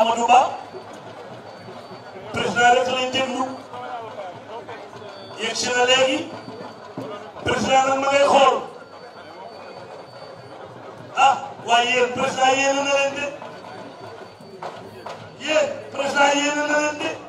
Amadou Ba président rek lañ déglu yegg ah waaye yéen président yéen na leen de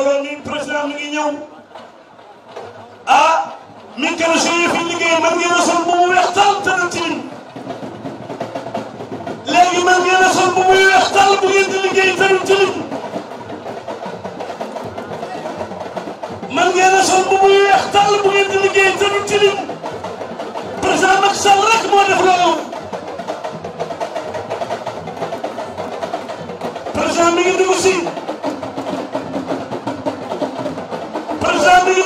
mbooloo mi président mi ngi ñëw ah mécanicien yi fi liggéey man ngeen a sol bu mu weex tal te du tilim léegi man ngeen a sol bu muy weex tal bu ngeen di liggéey te du tilim man ngeen a sol bu muy weex tal bu ngeen di liggéey te du tilim président Macky Sall rek moo def loolu président mi ngi dugg si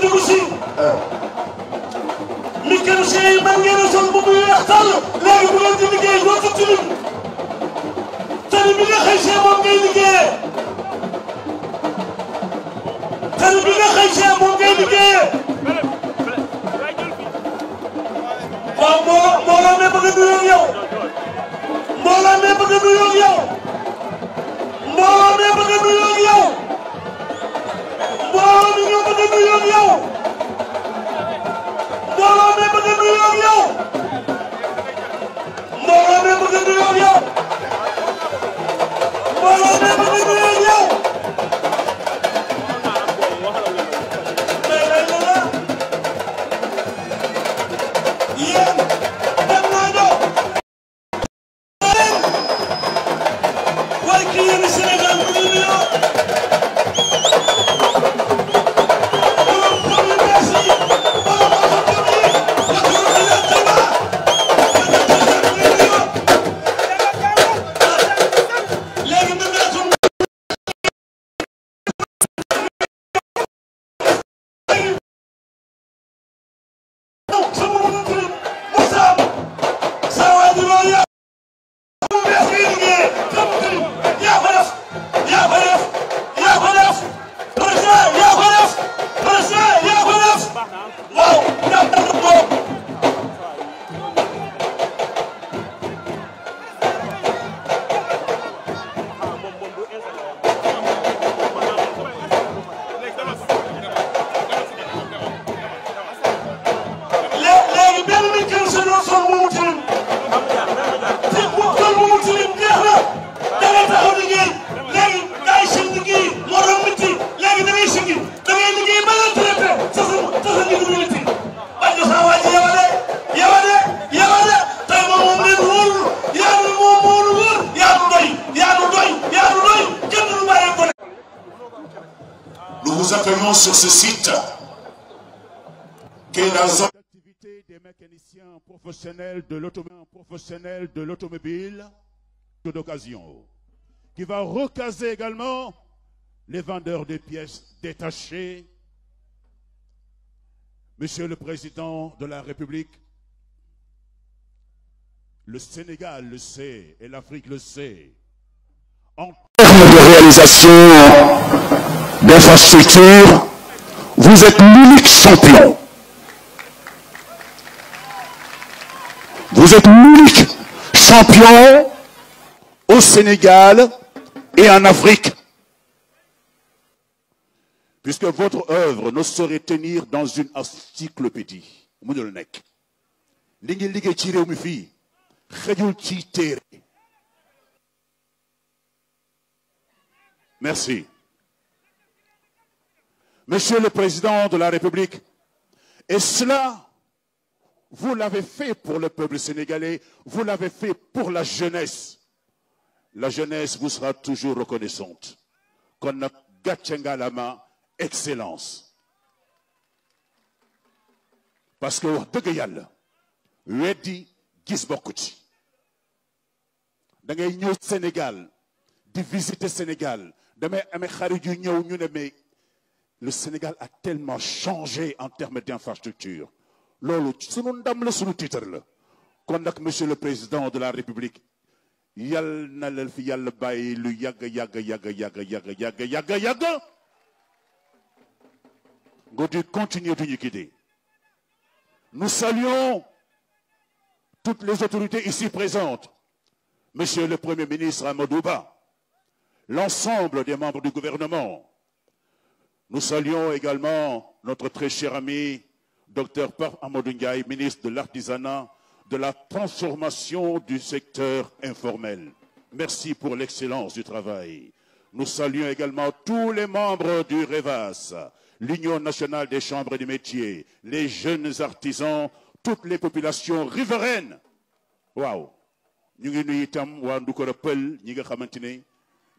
dugg si. mécanicien yi man ngeen a sol bu muy weex tàll léegi bu ngeen di liggéey dootu tilim tali bi nga xëy see moom ngay liggéeyee. tali bi nga xëy see moom ngay liggéeyee. waaw mbooloo mbooloo mee bëgg a nuyoog yow. mbooloo mee bëgg a nuyoog yow. mbooloo mee bëgg a nuyoog Hello! sur ce site que la zone des mécaniciens professionnels de l'automobile professionnel de l'automobile d'occasion, qui va recaser également les vendeurs de pièces détachées. Monsieur le Président de la République, le Sénégal le sait et l'Afrique le sait. En termes de réalisation d'infrastructures, vous êtes l'unique champion. Vous êtes l'unique champion au Sénégal et en Afrique. Puisque votre œuvre ne saurait tenir dans une encyclopédie. Merci. Monsieur le Président de la République, et cela, vous l'avez fait pour le peuple sénégalais, vous l'avez fait pour la jeunesse. La jeunesse vous sera toujours reconnaissante. Gatchenga Lama, excellence. Parce que deug yalla Sénégal de visiter Sénégal ñu mais le Sénégal a tellement changé en termes d'infrastructure Nous sunu ndam la le titre la kon monsieur le président de la république yal na la fi yàlla bàyyi lu yàgg yàgg yàgg yàgg yàgg yàgg yàgg yàgg nga di continuer de nous guider nous saluons toutes les autorités ici présentes monsieur le premier ministre Amadou Ba l'ensemble des membres du gouvernement. Nous saluons également notre très cher ami, Dr Pap Amadou ministre de l'Artisanat, de la transformation du secteur informel. Merci pour l'excellence du travail. Nous saluons également tous les membres du REVAS, l'Union nationale des chambres des métiers, les jeunes artisans, toutes les populations riveraines. Waouh!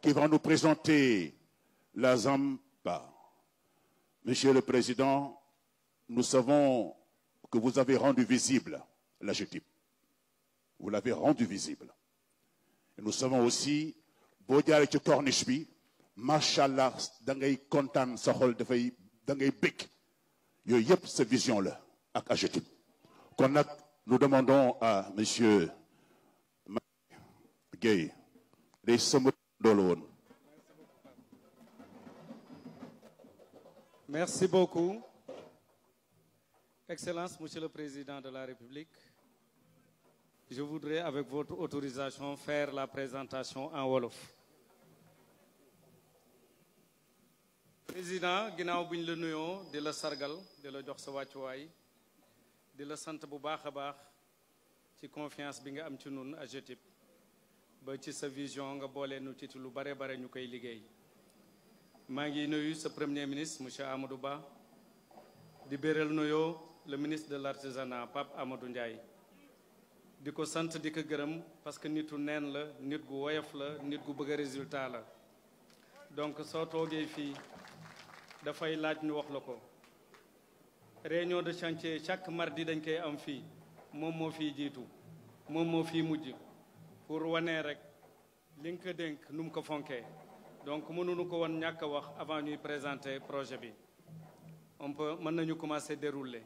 qui vont nous présenter la Zampa. Monsieur le Président, nous savons que vous avez rendu visible la GTIP. Vous l'avez rendu visible. Et nous savons aussi, Bodial et Cornishbi, Machallah, Dangay Kontan, Sahol, Dangay Bik, Yoyep, cette vision-là, à GTIP. Nous demandons à Monsieur Gay, les sommes merci beaucoup. Excellence, Monsieur le Président de la République, je voudrais, avec votre autorisation, faire la présentation en wolof. Président ginnaaw Bin la de la sargal de la jox sa de la sante bu confiance bi nga am ci ba ci sa vision nga boole nu lu bare bare ñu koy liggéey maa ngi nuyu sa premier ministre monsieur Amadou Ba di béral nuyoo le ministre de l'artisanat Pape Amadou Ndiaye di ko sant di ko gërëm parce que nit nitu neen la nit gu woyof la nit gu bëgg a résultat la donc soo toogee fii dafay laaj ñu wax la ko réunion de chantier chaque mardi dañ koy am fii moom moo fii jiitu moom moo fii mujj pour wane rek li nga ko ko donc nous ko won de wax avant ñuy présenter projet bi on peut mën nañu commencer dérouler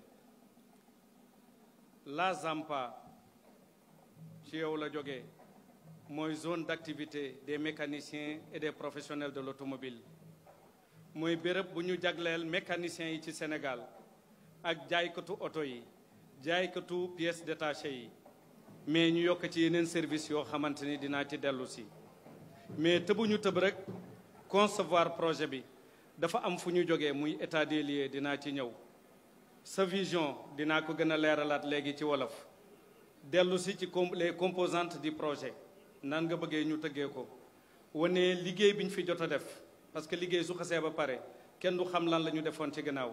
la ZAMPA ci yow la zone d'activité des mécaniciens et des professionnels de l'automobile Nous bërepp bu ñu jagleel mécaniciens yi ci Sénégal ak jaaykatu auto yi jaaykatu pièces détachées mais ñu yokk ci yeneen service yoo xamante ni dinaa ci dellu si mais ñu tëb rek concevoir projet bi dafa am fu ñu jógee muy état des lieux dinaa ci ñëw sa vision dinaa ko gën a leeralaat léegi ci wolof dellu si ci les composantes du projet nan nga bëggee ñu tëggee ko wane liggéey bi ñu fi jot a def parce que liggéey su xasee ba pare kenn du xam lan la ñu defoon ci gannaaw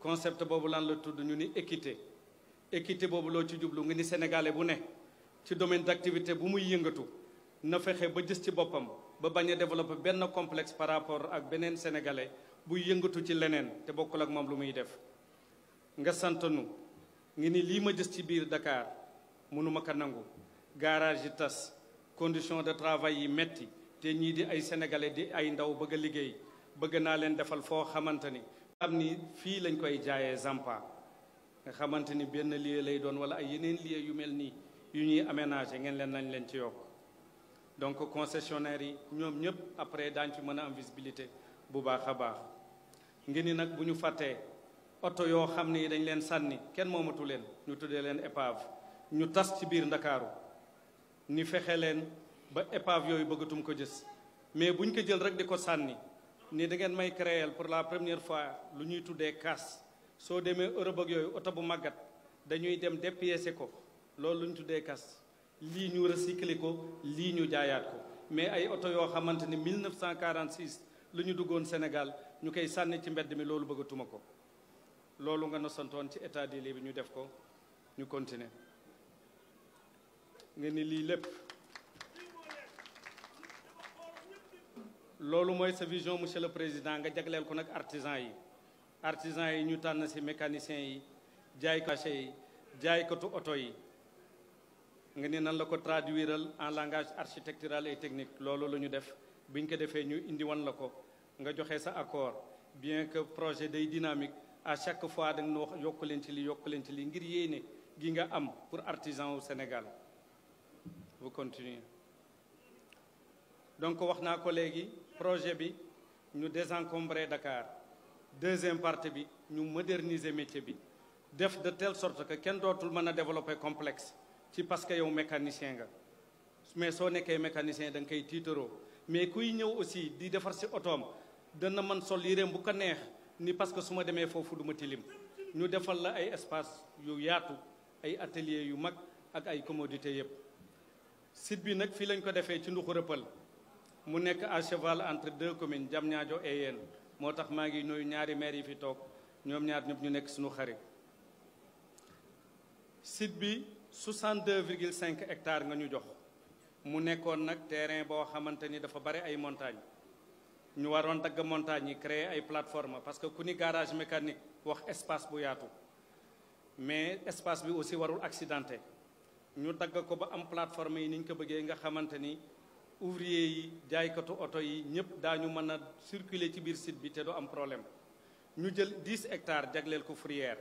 concept boobu lan la tudd ñu ni équité équité boobu loo ci jublu nga ni sénégalais bu ne ci domaine d'activité bu muy yëngatu na fexe ba jës ci boppam ba bañ a développer benn complexe par rapport ak beneen sénégalais buy yëngatu ci leneen te bokkul ak moom lu muy def nga sant nu ngi ni lii ma jës ci biir dakaar mënuma ko nangu garage yi tas condition de travail yi metti te ñii di ay sénégalais di ay ndaw bëgg a liggéey bëgg naa leen defal foo xamante ni xam ni fii lañ koy jaayee Zampa nga xamante ni benn lieu lay doon wala ay yeneen lieu yu mel nii yu ñuy aménagé ngeen leen nañ leen ci yokk donc concessionnaire yi ñoom ñëpp après daañ ci mën a am visibilité bu baax a baax ngi ni nag bu ñu fàttee oto yoo xam ne ni dañ leen sànni kenn moomatu leen ñu tuddee leen épave ñu tas ci biir ndakaaru ni fexe leen ba épave yooyu bëggatum ko jës mais buñ ko jël rek di ko sànni nii da ngeen may créer pour la première fois lu ñuy tuddee kaas soo demee Europe ak yooyu oto bu màggat dañuy dem dépiécer ko loolu lu ñu tuddee kaas lii ñu recycler ko lii ñu jaayaat ko mais ay oto yoo xamante ni 1946 lu ñu duggoon Sénégal ñu koy sànni ci mbedd mi loolu bëggatuma ko loolu nga nosantoon ci état des bi ñu def ko ñu continuer nga ni lii lépp lolu moy sa vision monsieur le président nga jagleel ko nak artisan yi artisan yi ñu tan ci mécanicien yi jaaykatu yi jaaykatu auto yi nga ni nan la ko traduire en langage architectural et technique lolu la ñu def buñ ko défé ñu indi wan la ko nga joxé sa accord bien que projet day dynamique à chaque fois da no wax leen ci li yokk leen ci li ngir yéene gi nga am pour artisan au Sénégal vous continuez donc wax naa ko légui projet bi ñu désencombrer Dakar deuxième partie bi ñu moderniser métier bi def de telle sorte que ken dootul mëna développer complexe ci parce que yow mécanicien nga mais soo nekkee mécanicien dang kay koy mais kuy ñëw aussi di defar si otoom dana man sol yéreem bu ko neex ni parce que suma démé fofu duma tilim ñu défal la ay espace yu yaatu ay atelier yu mag ak ay commodité yépp site bi nak fi lañ ko défé ci nduxu reppal mu nekk à cheval entre deux communes jam et Yène moo tax maa ngi nuyu ñaari maire yi fi toog ñoom ñaar ñëpp ñu nekk suñu xarit site bi 62 virgule 5 hectares nga ñu jox mu nekkoon nag terrain boo xamante ni dafa bare ay montagne ñu waroon dagg montagne yi créer ay plateforme parce que ku ni garage mécanique wax espace bu yaatu mais espace bi aussi warul accidenté ñu dagg ko ba am plateforme yi ni ko bëggee nga xamante ni ouvrier yi jaaykatu oto yi ñëpp daañu mën a circuler ci biir site bi te du am problème ñu jël 10 hectares jagleel ko fourrière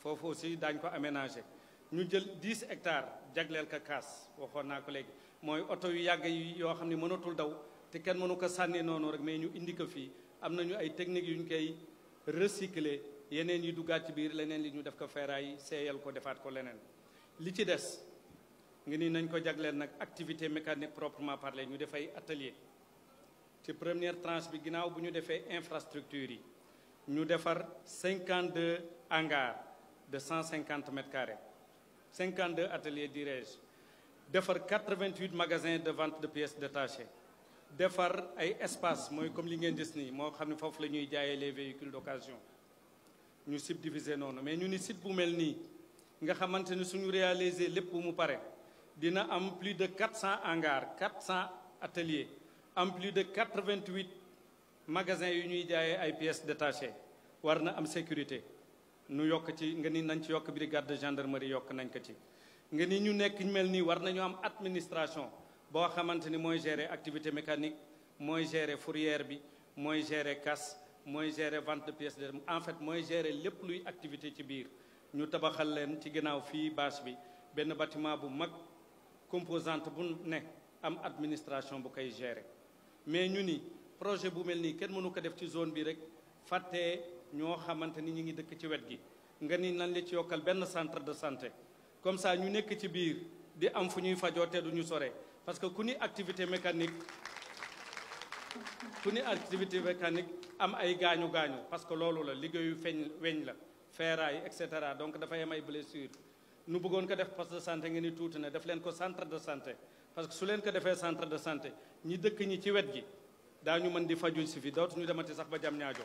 foofu si daañ ko aménager ñu jël 10 hectares jagleel ko kaas waxoon naa ko léegi mooy oto yu yàgg yi yoo xam ne mënatul daw te kenn mënu ko sànni noonu rek mais ñu indi ko fii am nañu ay techniques yu ñu koy recycler yeneen yi duggaat ci biir leneen li ñu def ko ferraille seeyal ko defaat ko leneen li ci des Nous avons nañ ko activité mécanique proprement parlé ñu des ateliers. atelier ci première tranche bi ginnaaw bu ñu defee infrastructure yi ñu 52 hangars de 150 mètres carrés 52 ateliers dirais-je defar 88 magasins de vente de pièces détachées defar ay espace mooy comme li ngeen gis nii moo xam les véhicules d'occasion ñu subdiviser noonu mais Nous ni site bu mel nii nga Nous avons suñu réaliser lépp bu mu pare dina am plus de 400 hangars 400 ateliers am plus de 88 magasins yu ñuy ay pièces détachées warna am sécurité nu yok ci une nañ ci brigade de gendarmerie yok nañ ko ci nga ni ñu nekk mel nii am administration bo gère moy gérer activité mécanique moy gérer fourrière bi moy gérer casse moy gérer vente de pièces en fait moy gérer les luy activité ci biir ñu tabaxal leen ci ginaaw fi bâche bi bâtiment bu composante bu ne am administration bu koy gérer mais ñu ni projet bu mel nii kenn mënu ko def ci zone bi rek fàttee ñoo xamante ni ñu ngi dëkk ci wet gi nga ni nan la ci yokkal benn centre de santé comme ça ñu nekk ci biir di am fu ñuy fajoo du ñu sore parce que ku ni activité mécanique ku ni activité mécanique am ay gaañu gaañu parce que loolu la liggéeyu feeñ weñ la feeraay et cetera donc dafay am ay blessure nu bëggoon ko def poste de santé ngeen ni tuuti na def leen ko centre de santé parce que su leen ko defee centre de santé ñi dëkk ñi ci wet gi daañu mën di faju si fi dootu ñu demati sax ba jam ñaajo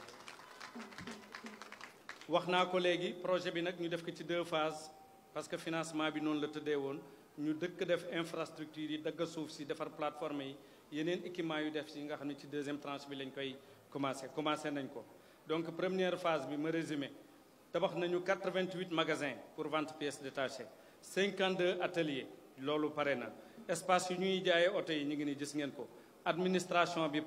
wax naa ko léegi projet bi nag ñu def ko ci deux phases parce que financement bi noonu la tëddee woon ñu dëkk def infrastructure yi dagg suuf si defar plateforme yi yeneen équipement yu def si nga xam ne ci deuxième tranche bi lañ koy commencé commencé nañ ko donc première phase bi ma résumé nous avons 88 magasins pour vente pièces détachées 52 ateliers loolu pare espace unique de jaayee oto yi ñu ngi ni administration bi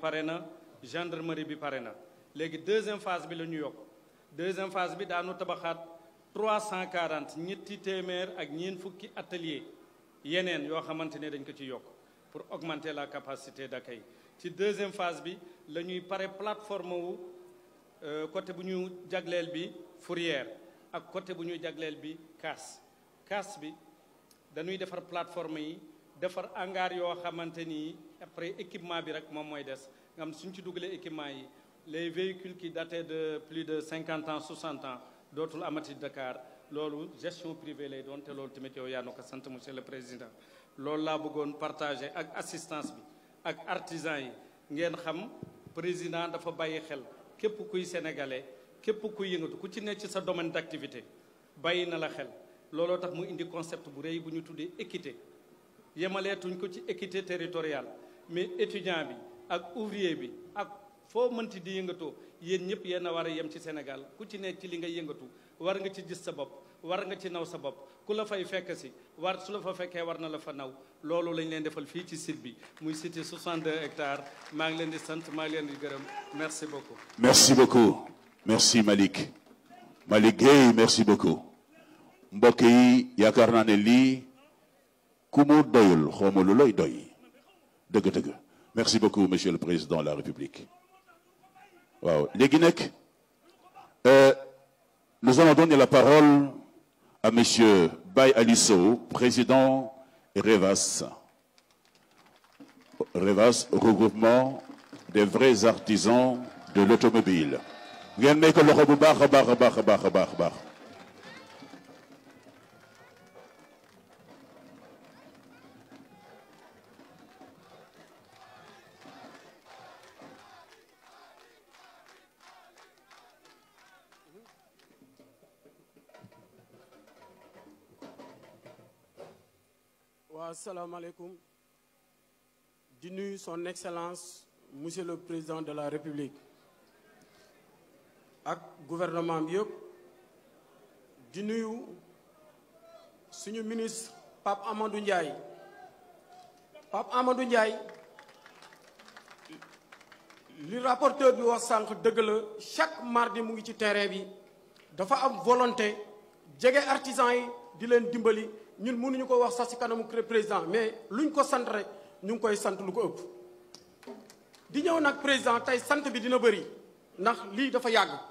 gendarmerie bi pare na deuxième phase bi la deuxième phase bi avons 340 ateliers ak fukki pour augmenter la capacité d'accueil La deuxième phase bi la une plateforme wu euh, côté bu ñu fourrière ak côté bu ñuy jagleel bi Cas, CAS, bi dañuy défar plateforme yi défar hangar yo xamanteni après équipement bi rek mom moy des nga xam suñ ci dugalee équipement yi les véhicules qui dataient de plus de 50 ans 60 ans d'autres amati Dakar lolu gestion privée lay doon te loolu tamit yow ko monsieur le président lolu la bëggone partager ak assistance bi ak artisan yi ngeen xam président dafa qui xel képp kuy sénégalais. képp kuy yëngatu ku ci nekk ci sa domaine d'activité bàyyi na la xel looloo tax mu indi concept bu rëy bu ñu tuddee équité yemaleetuñ ko ci équité territoriale mais étudiant bi ak ouvrier bi ak foo mënti di yëngatoo yéen ñëpp yéen a war a yem ci Sénégal ku ci ne ci li nga yëngatu war nga ci gis sa bopp war nga ci naw sa bopp ku la fay fekk si war su la fa fekkee war na la fa naw loolu lañ leen defal fii ci site bi muy cité 62 hectares maa ngi leen di sant maa ngi leen di gërëm merci beaucoup. merci beaucoup. merci Malik Malik Gay, merci beaucoup Mbokéi Yakarnaneli, merci beaucoup monsieur le président de la république Les Guinèques, euh, nous allons donner la parole à monsieur Bay Aliso, président REVAS REVAS regroupement des vrais artisans de l'automobile ngeen may ko loxo bu baax a baax a baax a baax a baax a baax waaw son excellence monsieur le président de la république ak gouvernement bi yëpp di nuyu suñu ministre Pape Amadou njaay Pape Amadou Ndiaye li rapporteur bi wax sànq dëgg la chaque mardi mu ngi ci terrain bi dafa am volonté jege artisan yi di leen dimbali ñun mënuñu ko wax sax ci kanamu président mais luñ ko sant rek ñu ngi koy sant lu ko ëpp. di ñëw nag président tey sant bi dina bëri ndax lii dafa yàgg.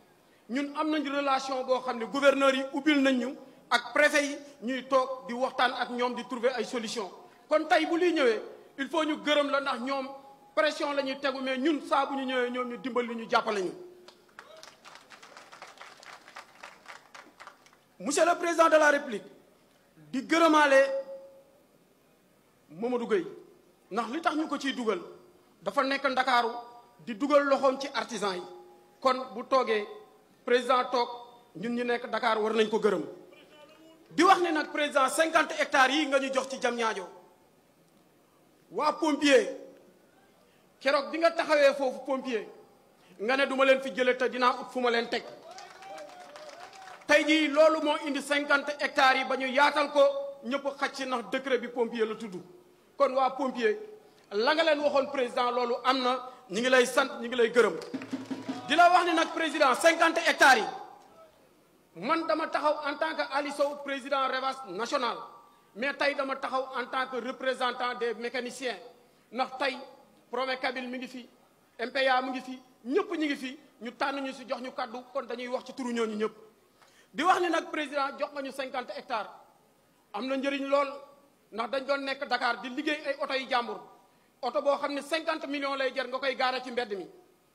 ñun am nañ relation bo xamné gouverneur yi ubbil nañ ñu ak préfet yi ñuy tok di waxtaan ak ñom di trouver ay solution kon tay bu luy ñëwé il faut ñu gëreum la ndax ñom pression lañu téggu mais ñun sa bu ñu ñëwé ñom ñu dimbal li ñu jappalé ñu. monsieur le président de la république di gërëmaale Mamadou Gueye ndax li tax ñuko ci duggal dafa nekk ndakaaru di duggal loxom ci artisan yi kon bu toogee. président toog ñun ñu nekk Dakar war nañ ko gërëm di wax ne nag président cinquante hectares yi nga ñu jox ci Diamniadio waa pompier keroog bi nga taxawee foofu pompier nga ne duma leen fi jële te dinaa ut fu ma leen teg tey jii loolu moo indi cinquante hectares yi ba ñu yaatal ko ñëpp xaj nax ndax décret bi la tudd kon waa pompier la nga leen waxoon président loolu am na ñi ngi lay sant ñi ngi lay gërëm di la wax ni nag président cinquante hectares yi man dama taxaw en tant que Ali Sow président Revas national mais tey dama taxaw en tant que représentant des mécaniciens ndax tey Promécabil mi ngi fi MPA mu ngi fi ñëpp ñu ngi fi ñu tànn ñu si jox ñu kàddu kon dañuy wax ci turu ñu ñëpp di wax ni nag président jox nga ñu cinquante hectares am na njëriñ lool ndax dañ doon nekk dakaar di liggéey ay oto yi jàmbur oto boo xam ne cinquante millions lay jar nga koy gaare ci mbedd mi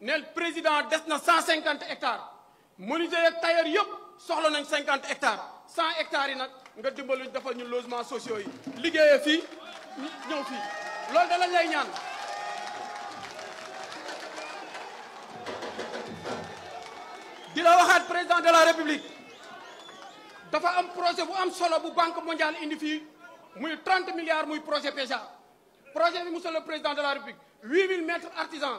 Le président a 150 hectares menuisier et tailleur yop, 50 hectares 100 hectares Nous sociaux yi président de la république projet banque mondiale 30 milliards de projet déjà. projet le président de la république 8000 mètres artisans.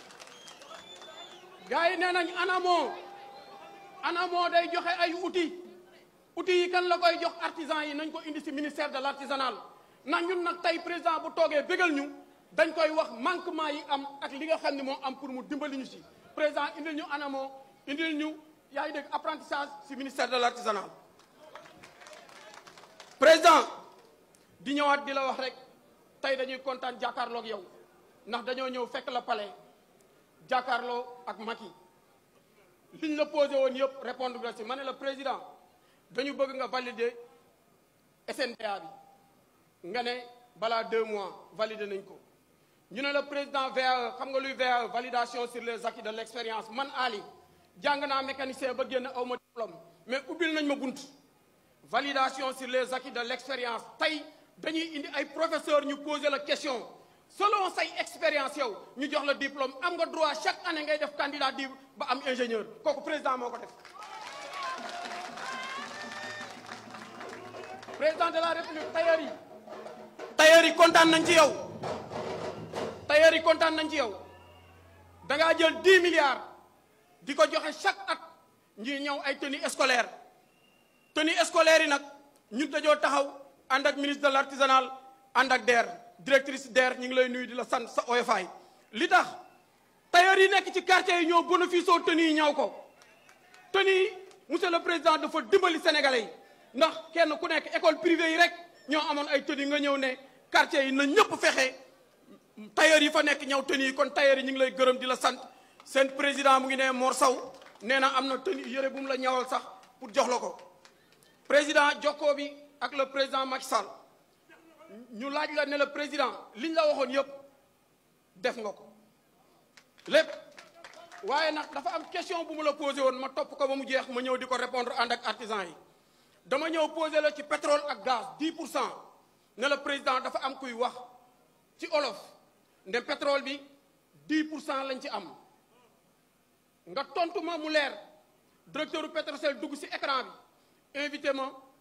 gars yi nee nañ ANAMO ANAMO day joxe ay outils outils yi kan la koy jox artisan yi nañ ko indi ci ministère de l'artisanal nan ñun nag tey président bu toogee bégal ñu dañ koy wax manquement yi am ak li nga xam ne moo am pour mu dimbali ñu ci président indil ñu ANAMO indil ñu yaa ngi dégg apprentissage ci ministère de l'artisanal président di ñëwaat di la wax rek tey dañuy kontaan jàkkaarloog yow ndax dañoo ñëw fekk la palais carlo et Maki. Nous le répondre président dañu bëgg valider deux mois valider nañ ko le président vers la e? validation sur les acquis de l'expérience man Ali mécanicien diplôme mais bien nous ma validation sur les acquis de l'expérience. Je professeur nous poser la question selon say expérience yow ñu jox la diplôme am nga droit chaque année ngay def candidat di ba am ingénieur koku président moko def président de la république tayari tayari contane nañ ci yow tayari contane nañ ci yow da nga jël 10 milliards diko joxe chaque at ñi ñew ay tenue scolaire tenue scolaire yi nak ñu dajo taxaw ànd ak ministre de l'artisanal artisanal ak DER directrice DER ñu ngi lay nuyu di la sant sa oyofaay li tax tailleur yi nekk ci quartier yi ñoo bénéfice oo tenue yi ñaw ko tenue yi monsieur le président dafa dimbali sénégalais yi ndax kenn ku nekk école privée yi rek ñoo amoon ay tenue nga ñëw ne quartier yi na ñëpp fexe tailleur yi fa nekk ñaw tenue yi kon tailleur yi ñu ngi lay gërëm di la sant seen président mu ngi ne Mor Sow nee na am na tenue yére bu mu la ñawal sax pour jox la ko président jokkoo bi ak le président Macky Sall ñu laaj la ne la président liñ la waxoon yëpp def nga ko lépp waaye dafa am question bu mu la posé woon ma top ko ba mu jeex ma ñëw di répondre ànd ak artisan yi dama ñëw poser la ci pétrole ak gaz 10 pour cent président dafa am kuy wax ci olof nde pétrole bi 10 pour cent lañ ci am nga tontu ma mu leer directeur u Petrosen dugg écran bi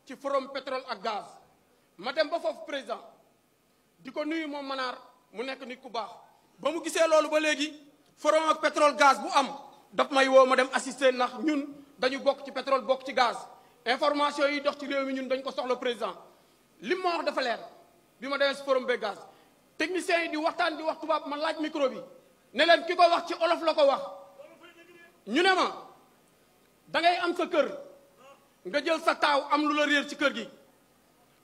ci forum pétrole ak gaz ma dem ba foofu président di ko nuyu moom manaar mu nekk nit ku baax ba mu gisee loolu ba léegi forum ak pétrole gaz bu am daf may wow ma dem assister ndax ñun dañu bokk ci pétrole bokk ci gaz information yi dox ci réew mi ñun dañ ko soxla président li ma wax dafa leer bi ma demee si forum be gaz techniciens yi di waxtaan di wax tubaab ma laaj micro bi ne leen ki ko wax ci olof la ko wax ñu ne ma da ngay am sa kër nga jël sa taaw am lu la réer ci kër gi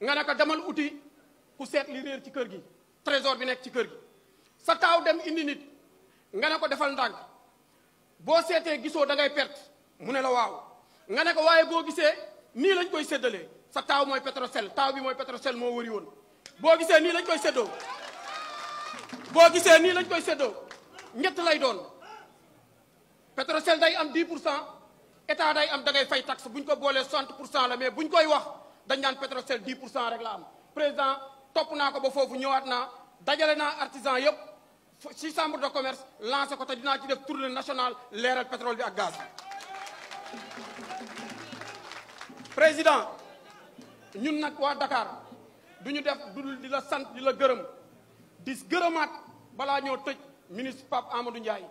nga ne ko demal uti ku seet li réer ci kër gi trésor bi nekk ci kër gi sa taaw dem indi nit nga ne ko defal ndànk boo seetee gisoo da ngay perte mu ne la waaw nga ne ko waaye boo gisee nii lañ koy séddalee sa taaw mooy Petrosen taaw bi mooy Petrosen moo wëri woon boo gisee nii lañ koy séddoo boo gisee nii lañ koy séddoo ñett lay doon Petrosen day am 10 pour cent état day am dangay ngay fay taxe buñ ko boolee 60 pour cent la mais bu ñu koy wax dañ naan 10 rek la am président top na ko ba fofu ñëwaat na dajalé na artisan yépp ci chambre de commerce lancé ko te dina ci def tournée nationale leeral pétrole bi ak gaz président ñun nak wa Dakar duñu def dul dila sante dila gëreum Dis gërëm di ñoo tejj ministre Pape Amadou Ndiaye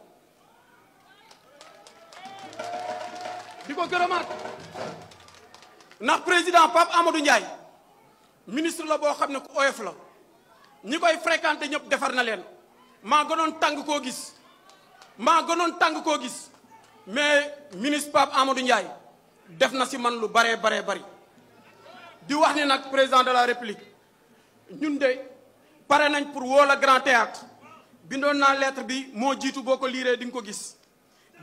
diko gëreumat ndax président Pape Amadou Ndiaye ministre la boo xam ne ku oyof la ñi koy fréquenté ñëpp defar na leen maa gënoon tàng koo gis maa gënoon tàng koo gis mais ministre Pape Amadou Ndiaye def na ci man lu baree baree bari di wax ni nag président de la république ñun de pare nañ pour woo la grand théâtre bindoon naa lettre bi moo jiitu boo ko liiree di nga ko gis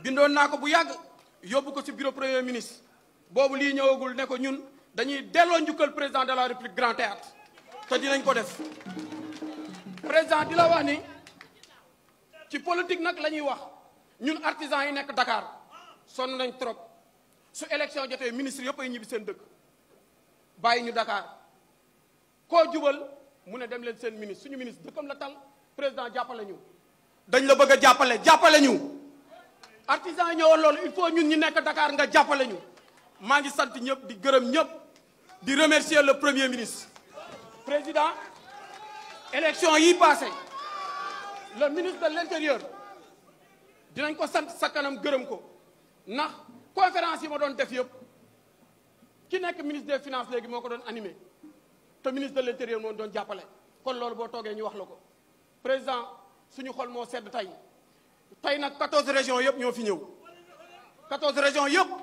bindoon naa ko bu yàgg yóbbu ko ci bureau premier ministre boobu lii ñëwagul ne ko ñun dañuy delloo njukkal président de la république grand théâtre te dinañ ko def président di la wax ni ci politique nag la ñuy wax ñun artisans yi nekk dakaar sonn nañ trop su élection jotee ministre yëpp ay ñibbi seen dëkk bàyyi ñu Dakar koo jubal mu ne dem leen seen suñu ministre dëkkam la tal président jàppale ñu dañ la bëgg jàppale jàppale ñu artisan yi ñëwoon loolu il faut ñun ñu nekk dakaar nga jàppale ñu Mangi sante ñep di gërëm ñep di remercier le premier ministre président élection yi passé le ministre de l'intérieur dinañ ko sante sa kanam gërëm ko ndax conférence yi ma doon def yëpp ki nekk ministre des finances légui moko doon animé te ministre de l'intérieur mo doon jappalé kon loolu bo toogee ñu wax la ko président suñu xol mo sedd tay tay nak 14 régions yëpp ñoo fi ñëw 14 régions yëpp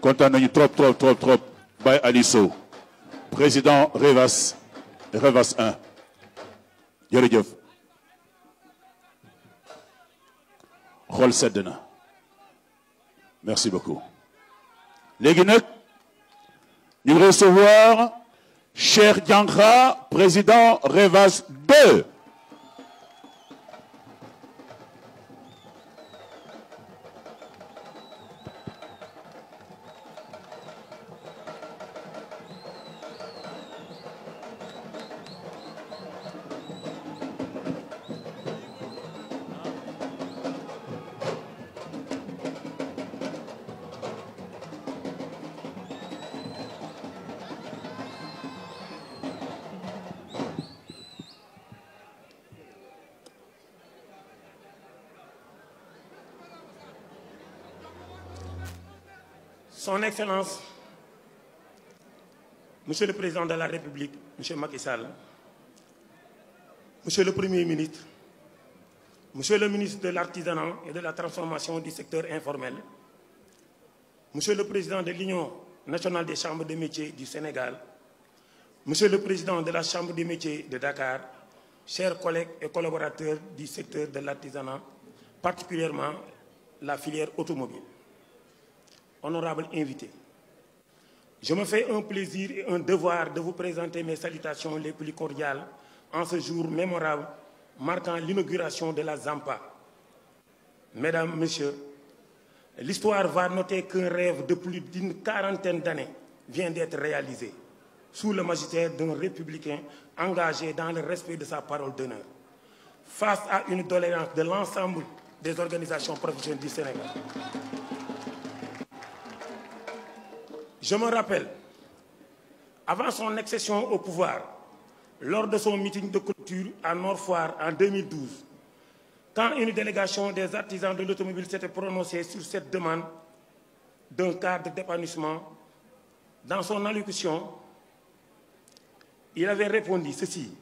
kontaan nous, trop trop trop trop Baye Aliso, président Revas Revas 1 jërëjëf Rol Sedna. merci beaucoup Les nag nous recevoir cher Yangra, président Revas 2 Excellence, Monsieur le Président de la République, Monsieur Macky Sall, Monsieur le Premier ministre, Monsieur le ministre de l'Artisanat et de la Transformation du secteur informel, Monsieur le Président de l'Union nationale des chambres de métiers du Sénégal, Monsieur le Président de la Chambre des métiers de Dakar, chers collègues et collaborateurs du secteur de l'artisanat, particulièrement la filière automobile. Honorable invités, je me fais un plaisir et un devoir de vous présenter mes salutations les plus cordiales en ce jour mémorable marquant l'inauguration de la Zampa. Mesdames, Messieurs, l'histoire va noter qu'un rêve de plus d'une quarantaine d'années vient d'être réalisé sous le magistère d'un républicain engagé dans le respect de sa parole d'honneur. Face à une tolérance de l'ensemble des organisations professionnelles du Sénégal, je me rappelle, avant son accession au pouvoir, lors de son meeting de culture à Norfoire en 2012, quand une délégation des artisans de l'automobile s'était prononcée sur cette demande d'un cadre d'épanouissement, dans son allocution, il avait répondu ceci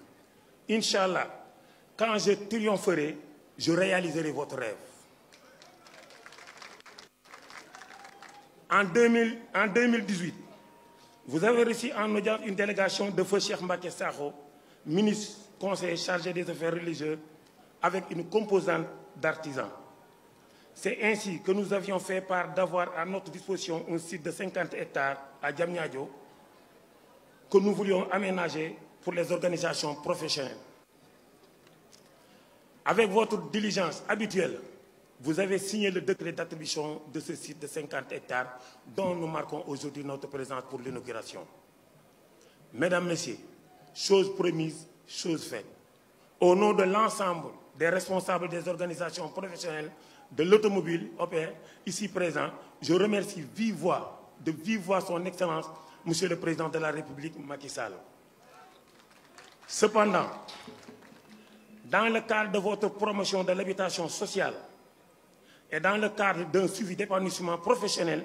Inch'Allah, quand je triompherai, je réaliserai votre rêve. En, 2018, vous avez reçu en audience une délégation de feu Cheikh ministre conseiller chargé des affaires religieuses, avec une composante d'artisans. C'est ainsi que nous avions fait part d'avoir à notre disposition un site de 50 hectares à Djamniadio que nous voulions aménager pour les organisations professionnelles. Avec votre diligence habituelle, vous avez signé le décret d'attribution de ce site de 50 hectares dont nous marquons aujourd'hui notre présence pour l'inauguration. Mesdames, Messieurs, chose promise, chose faite. Au nom de l'ensemble des responsables des organisations professionnelles de l'automobile européenne ici présents, je remercie vive de vive voix son Excellence, Monsieur le Président de la République, Macky Sall. Cependant, dans le cadre de votre promotion de l'habitation sociale, et dans le cadre d'un suivi d'épanouissement professionnel,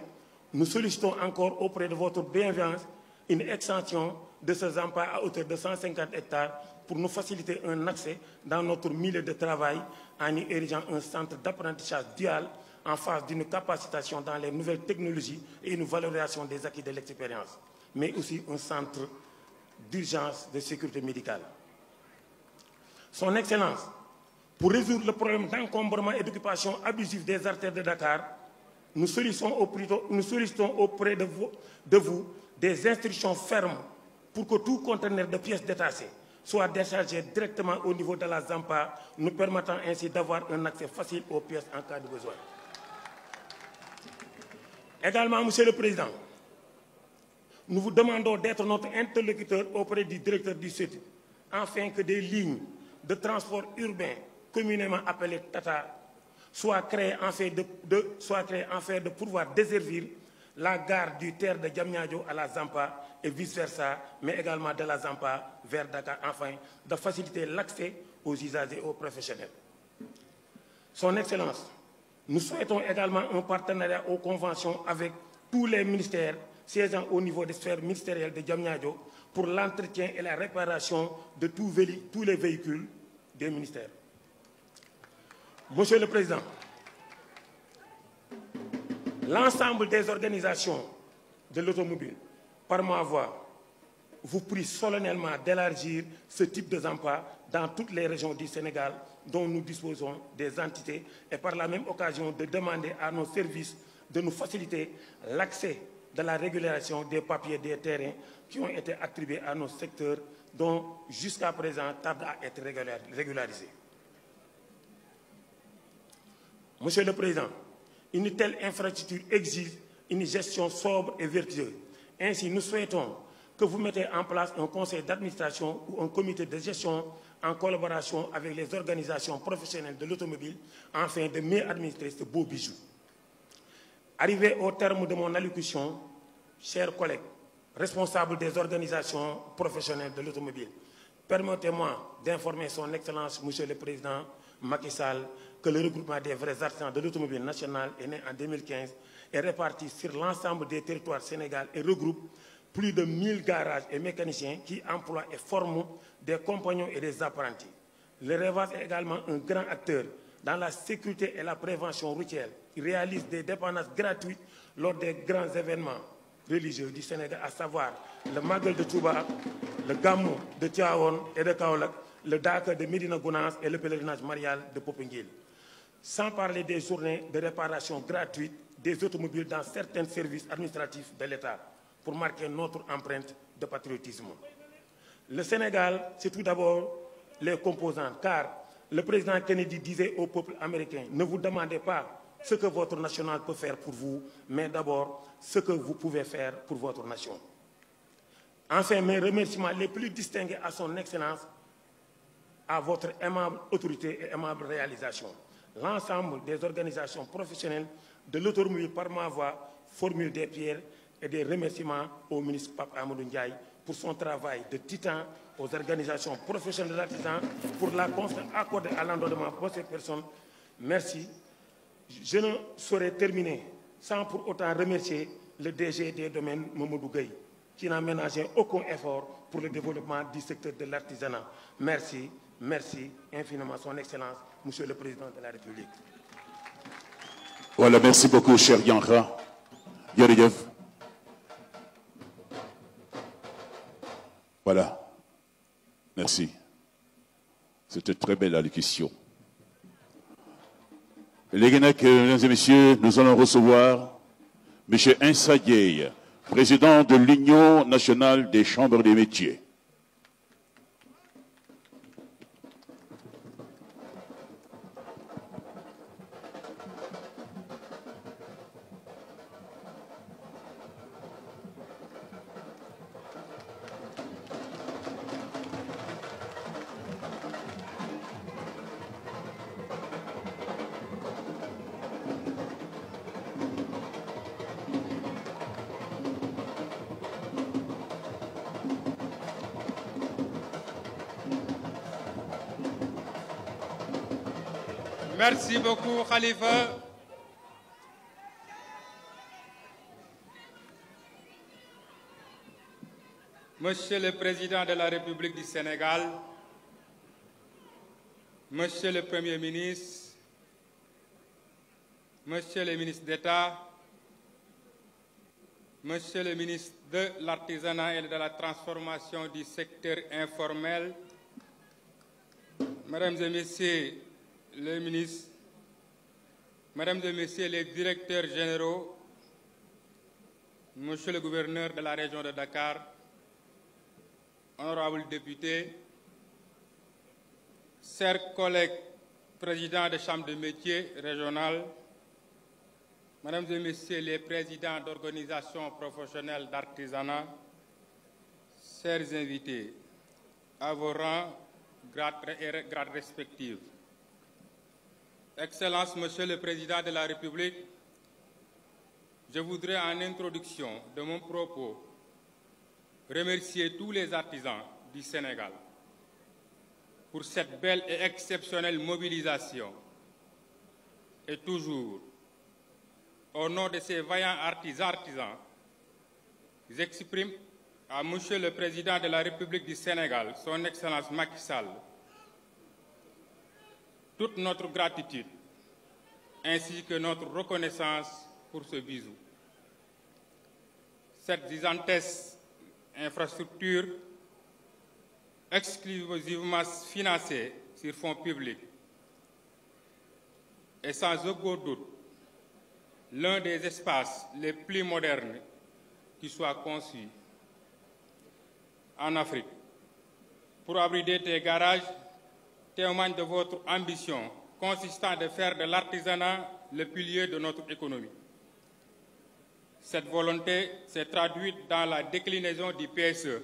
nous sollicitons encore auprès de votre bienveillance une extension de ces emplois à hauteur de 150 hectares pour nous faciliter un accès dans notre milieu de travail en y érigeant un centre d'apprentissage dual en face d'une capacitation dans les nouvelles technologies et une valorisation des acquis de l'expérience, mais aussi un centre d'urgence de sécurité médicale. Son Excellence, pour résoudre le problème d'encombrement et d'occupation abusive des artères de Dakar, nous sollicitons, auprès de vous, des instructions fermes pour que tout conteneur de pièces détachées soit déchargé directement au niveau de la Zampa, nous permettant ainsi d'avoir un accès facile aux pièces en cas de besoin. Également, Monsieur le Président, nous vous demandons d'être notre interlocuteur auprès du directeur du Sud, afin que des lignes de transport urbain communément appelé Tata, soit créé en fait de, de pouvoir desservir la gare du terre de Djamnyadjo à la Zampa et vice-versa, mais également de la Zampa vers Dakar, enfin, de faciliter l'accès aux usagers et aux professionnels. Son Excellence, nous souhaitons également un partenariat aux conventions avec tous les ministères siégeant au niveau des sphères ministérielles de Djamnyadjo pour l'entretien et la réparation de tous les véhicules des ministères. Monsieur le Président, l'ensemble des organisations de l'automobile, par ma voix, vous prie solennellement d'élargir ce type de d'emploi dans toutes les régions du Sénégal dont nous disposons des entités et par la même occasion de demander à nos services de nous faciliter l'accès de la régulation des papiers des terrains qui ont été attribués à nos secteurs dont jusqu'à présent table à être régularisés. Monsieur le Président, une telle infrastructure exige une gestion sobre et vertueuse. Ainsi, nous souhaitons que vous mettez en place un conseil d'administration ou un comité de gestion en collaboration avec les organisations professionnelles de l'automobile afin de mieux administrer ce beau bijou. Arrivé au terme de mon allocution, chers collègues, responsables des organisations professionnelles de l'automobile, permettez-moi d'informer son Excellence, Monsieur le Président Macky Sall, que le regroupement des vrais artisans de l'automobile nationale est né en 2015 et réparti sur l'ensemble des territoires sénégal et regroupe plus de 1000 garages et mécaniciens qui emploient et forment des compagnons et des apprentis. Le REVAS est également un grand acteur dans la sécurité et la prévention routière. Il réalise des dépendances gratuites lors des grands événements religieux du Sénégal, à savoir le Magal de Touba, le Gamou de Tiaon et de Kaolak, le Dakar de Medina Gounas et le pèlerinage marial de Popengil sans parler des journées de réparation gratuite des automobiles dans certains services administratifs de l'État, pour marquer notre empreinte de patriotisme. Le Sénégal, c'est tout d'abord les composants, car le président Kennedy disait au peuple américain, ne vous demandez pas ce que votre national peut faire pour vous, mais d'abord ce que vous pouvez faire pour votre nation. Enfin, mes remerciements les plus distingués à son excellence, à votre aimable autorité et aimable réalisation l'ensemble des organisations professionnelles de l'automobile par ma voix formule des pierres et des remerciements au ministre Pape Amadou Ndiaye pour son travail de titan aux organisations professionnelles de l'artisan pour la confiance accordée à de pour ces personnes. Merci. Je ne saurais terminer sans pour autant remercier le DG des domaines Momodou Gueye qui n'a ménagé aucun effort pour le développement du secteur de l'artisanat. Merci, merci infiniment, Son Excellence. Monsieur le Président de la République. Voilà, merci beaucoup, cher Yanka. Yariyev. Voilà. Merci. C'était très belle allocution. Les Guénèques, mesdames et messieurs, nous allons recevoir M. Insa président de l'Union nationale des chambres des métiers. Merci beaucoup, Khalifa. Monsieur le Président de la République du Sénégal, Monsieur le Premier ministre, Monsieur le ministre d'État, Monsieur le ministre de l'Artisanat et de la Transformation du secteur informel, Mesdames et Messieurs les ministres, Mesdames et Messieurs les directeurs généraux, Monsieur le gouverneur de la région de Dakar, honorables députés, chers collègues présidents des chambres de métiers régionales, Mesdames et Messieurs les présidents d'organisations professionnelles d'artisanat, chers invités, à vos rangs, grades, grades Excellences, Monsieur le Président de la République, je voudrais en introduction de mon propos remercier tous les artisans du Sénégal pour cette belle et exceptionnelle mobilisation et toujours au nom de ces vaillants artisans, j'exprime à Monsieur le Président de la République du Sénégal, Son Excellence Macky Sall, toute notre gratitude ainsi que notre reconnaissance pour ce bisou. Cette gigantesque infrastructure exclusivement financée sur fonds publics est sans aucun doute l'un des espaces les plus modernes qui soit conçu en Afrique pour abrider des garages témoigne de votre ambition consistant de faire de l'artisanat le pilier de notre économie. Cette volonté s'est traduite dans la déclinaison du PSE,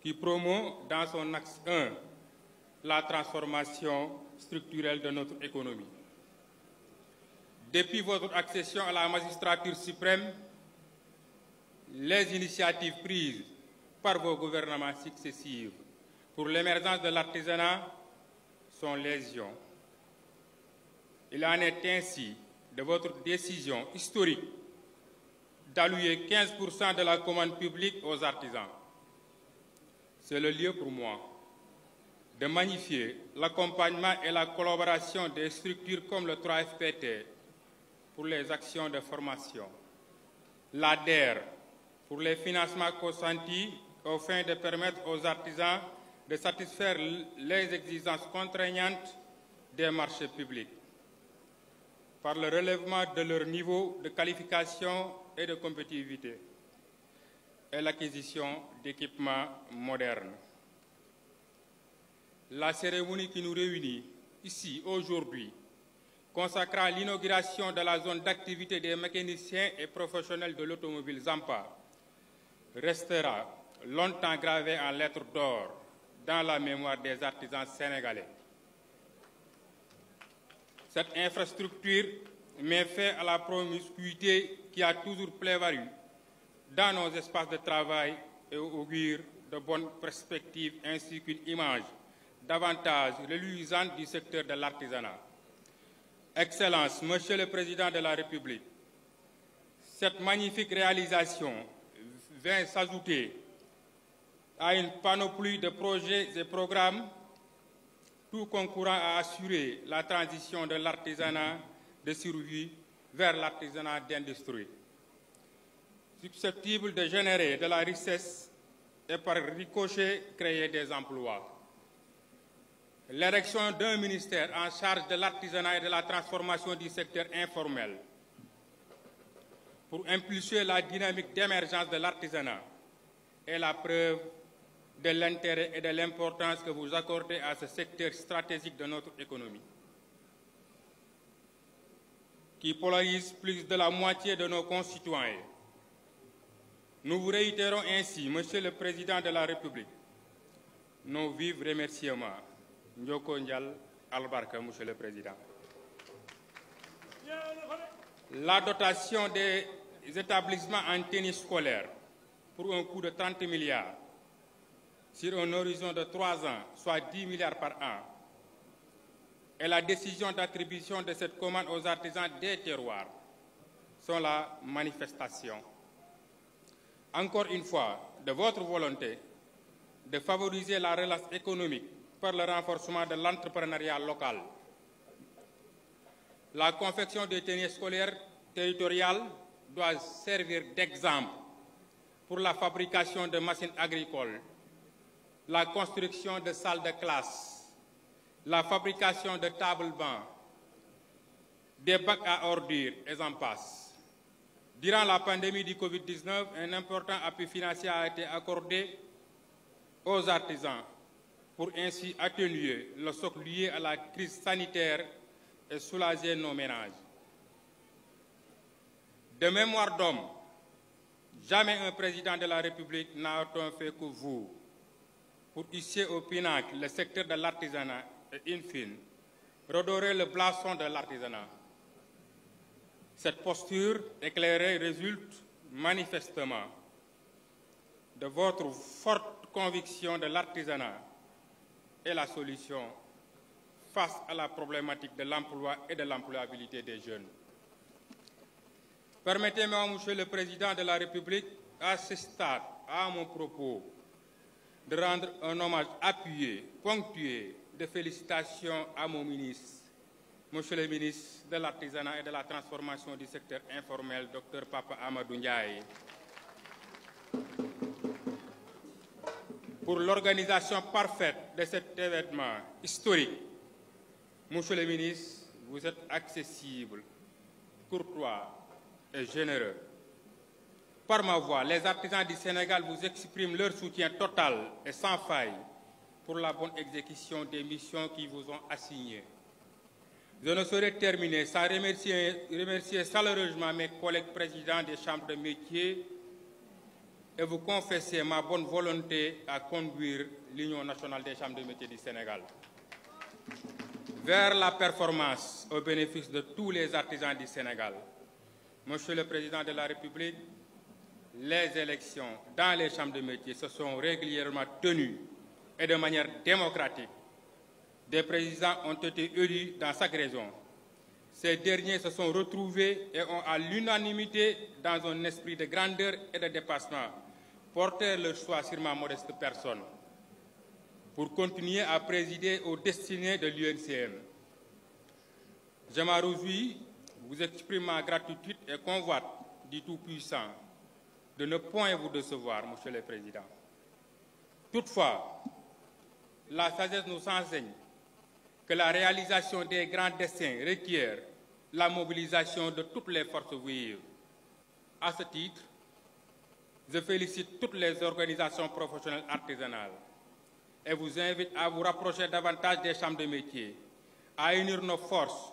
qui promeut dans son axe 1 la transformation structurelle de notre économie. Depuis votre accession à la magistrature suprême, les initiatives prises par vos gouvernements successifs pour l'émergence de l'artisanat sont lésions. Il en est ainsi de votre décision historique d'allouer 15% de la commande publique aux artisans. C'est le lieu pour moi de magnifier l'accompagnement et la collaboration des structures comme le 3FPT pour les actions de formation, l'ADER pour les financements consentis afin de permettre aux artisans de satisfaire les exigences contraignantes des marchés publics par le relèvement de leur niveau de qualification et de compétitivité et l'acquisition d'équipements modernes. La cérémonie qui nous réunit ici aujourd'hui à l'inauguration de la zone d'activité des mécaniciens et professionnels de l'automobile Zampa restera longtemps gravée en lettres d'or dans la mémoire des artisans sénégalais. Cette infrastructure met fin à la promiscuité qui a toujours prévalu dans nos espaces de travail et augure de bonnes perspectives ainsi qu'une image davantage reluisante du secteur de l'artisanat. Excellence, Monsieur le Président de la République, cette magnifique réalisation vient s'ajouter à une panoplie de projets et programmes, tout concourant à assurer la transition de l'artisanat de survie vers l'artisanat d'industrie, susceptible de générer de la richesse et par ricochet créer des emplois. L'érection d'un ministère en charge de l'artisanat et de la transformation du secteur informel pour impulser la dynamique d'émergence de l'artisanat est la preuve de l'intérêt et de l'importance que vous accordez à ce secteur stratégique de notre économie, qui polarise plus de la moitié de nos concitoyens. Nous vous réitérons ainsi, Monsieur le Président de la République, nos vives remerciements. Nyoko Ndial, Albarka, Monsieur le Président. La dotation des établissements en tennis scolaire pour un coût de 30 milliards sur un horizon de trois ans, soit 10 milliards par an, et la décision d'attribution de cette commande aux artisans des terroirs sont la manifestation, encore une fois, de votre volonté de favoriser la relance économique par le renforcement de l'entrepreneuriat local. La confection des tenues scolaires territoriales doit servir d'exemple pour la fabrication de machines agricoles la construction de salles de classe, la fabrication de tables-bancs, des bacs à ordures, et en passe. Durant la pandémie du Covid-19, un important appui financier a été accordé aux artisans pour ainsi atténuer le socle lié à la crise sanitaire et soulager nos ménages. De mémoire d'homme, jamais un président de la République n'a autant fait que vous pour hisser au pinacle le secteur de l'artisanat et, in redorer le blason de l'artisanat. Cette posture éclairée résulte manifestement de votre forte conviction de l'artisanat et la solution face à la problématique de l'emploi et de l'employabilité des jeunes. Permettez-moi, Monsieur le Président de la République, à ce stade, à mon propos, de rendre un hommage appuyé, ponctué de félicitations à mon ministre, Monsieur le ministre de l'Artisanat et de la Transformation du secteur informel, Dr Papa Amadou Ndiaye, pour l'organisation parfaite de cet événement historique. Monsieur le ministre, vous êtes accessible, courtois et généreux par ma voix, les artisans du Sénégal vous expriment leur soutien total et sans faille pour la bonne exécution des missions qui vous ont assignées. Je ne saurais terminer sans remercier, remercier chaleureusement mes collègues présidents des chambres de métiers et vous confesser ma bonne volonté à conduire l'Union nationale des chambres de métiers du Sénégal vers la performance au bénéfice de tous les artisans du Sénégal. Monsieur le Président de la République, les élections dans les chambres de métier se sont régulièrement tenues et de manière démocratique. Des présidents ont été élus dans chaque raison. Ces derniers se sont retrouvés et ont à l'unanimité, dans un esprit de grandeur et de dépassement, porté leur choix sur ma modeste personne pour continuer à présider aux destinées de l'UNCM. Je m'en réjouis, vous exprime ma gratitude et convoite du Tout-Puissant de ne point vous décevoir, Monsieur le Président. Toutefois, la sagesse nous enseigne que la réalisation des grands destins requiert la mobilisation de toutes les forces vives. À ce titre, je félicite toutes les organisations professionnelles artisanales et vous invite à vous rapprocher davantage des chambres de métiers, à unir nos forces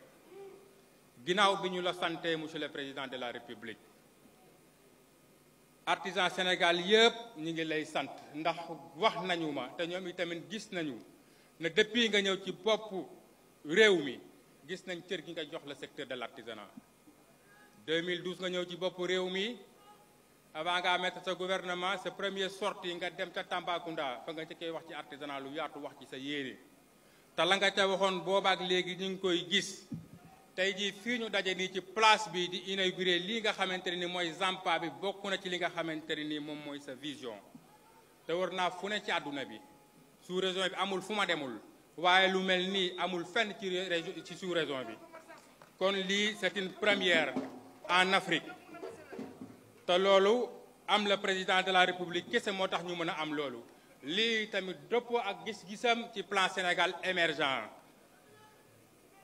ginaaw bi ñu la santé monsieur le président de la république artisan Sénégal yépp ñi ngi lay sant ndax wax nañu ma te ñoom itamit gis nañu ne depuis nga ñëw ci bopp réew mi gis nañ cër gi nga jox le secteur de l'artisanat 2012 nga ñëw ci bopp réew mi avant nga mettre sa gouvernement sa premier sortie nga dem ca Tambacounda fa nga njëkkee wax ci artisanat lu yaatu wax ci sa yéene te la nga ca waxoon boobaak léegi ñu ngi koy gis tey jii fii ñu ci place bi di inaugurer li nga xamanteni ni mooy Zampa bi bokk na ci li nga xamanteni ni moom mooy sa vision te warna fu ne ci aduna bi sous-région bi amul fuma demul waye lu melni amul fenn ci ci sous-région bi kon li c'est une première en Afrique te lolu am le président de la République kessé motax ñu mëna am lolu Li tamit dëppoo ak gis-gisam ci plan Sénégal émergent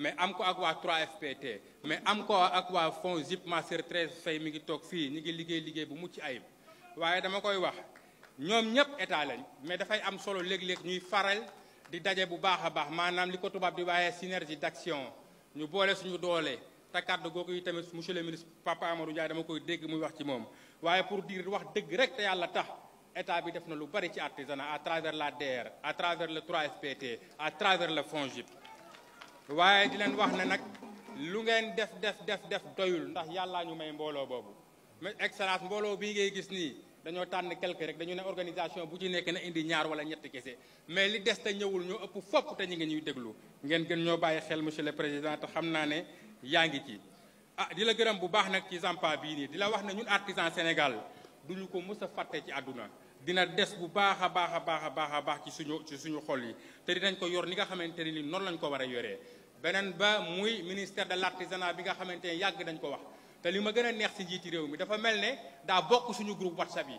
mais am ko ak waa 3FPT mais am ko ak waa fonds ZIP ma sœur Thérèse Faye mi ngi toog fii ñu ngi liggéey liggéey bu mucc ayib waaye dama koy wax ñom ñep état lañ mais da fay am solo leg leg ñuy faral di dajé bu baax baax manam liko tubab di wayé synergie d'action ñu boole suñu doole ta kàddu googu yi tamit monsieur le ministre Papa Amadou Ndiaye dama koy dégg muy wax ci mom waaye pour dire wax dëgg rek ta yalla tax état bi def na lu bari ci artisanat à travers la DR à travers le 3FPT à travers le FONGIP waaye di leen wax ne nag lu ngeen def def def def doyul ndax yàllaa ñu may mbooloo boobu mais excellence mbooloo bii ngay gis nii dañoo tànn quelque rek dañu ne organisation bu ci nekk na indi ñaar wala ñetti kese mais li des te ñëwul ñoo ëpp fop te ñu ngi ñuy déglu ngeen gën ñoo bàyyi xel monsieur le président te xam naa ne yaa ngi ci. ah di la gërëm bu baax nag ci Zampa bii nii di la wax ne ñun artisan Sénégal duñu ko mës a fàtte ci àdduna dina des bu baax a baax a baax a baax a baax ci suñu suñu xol yi te dinañ ko yor ni nga xamante ne ni noonu lañ ko war a yoree. benen ba muy ministère de l'artisanat bi nga xamante yag dañ ko wax te li ma gën neex ci njiiti réew mi dafa mel da bokku suñu groupe WhatsApp yi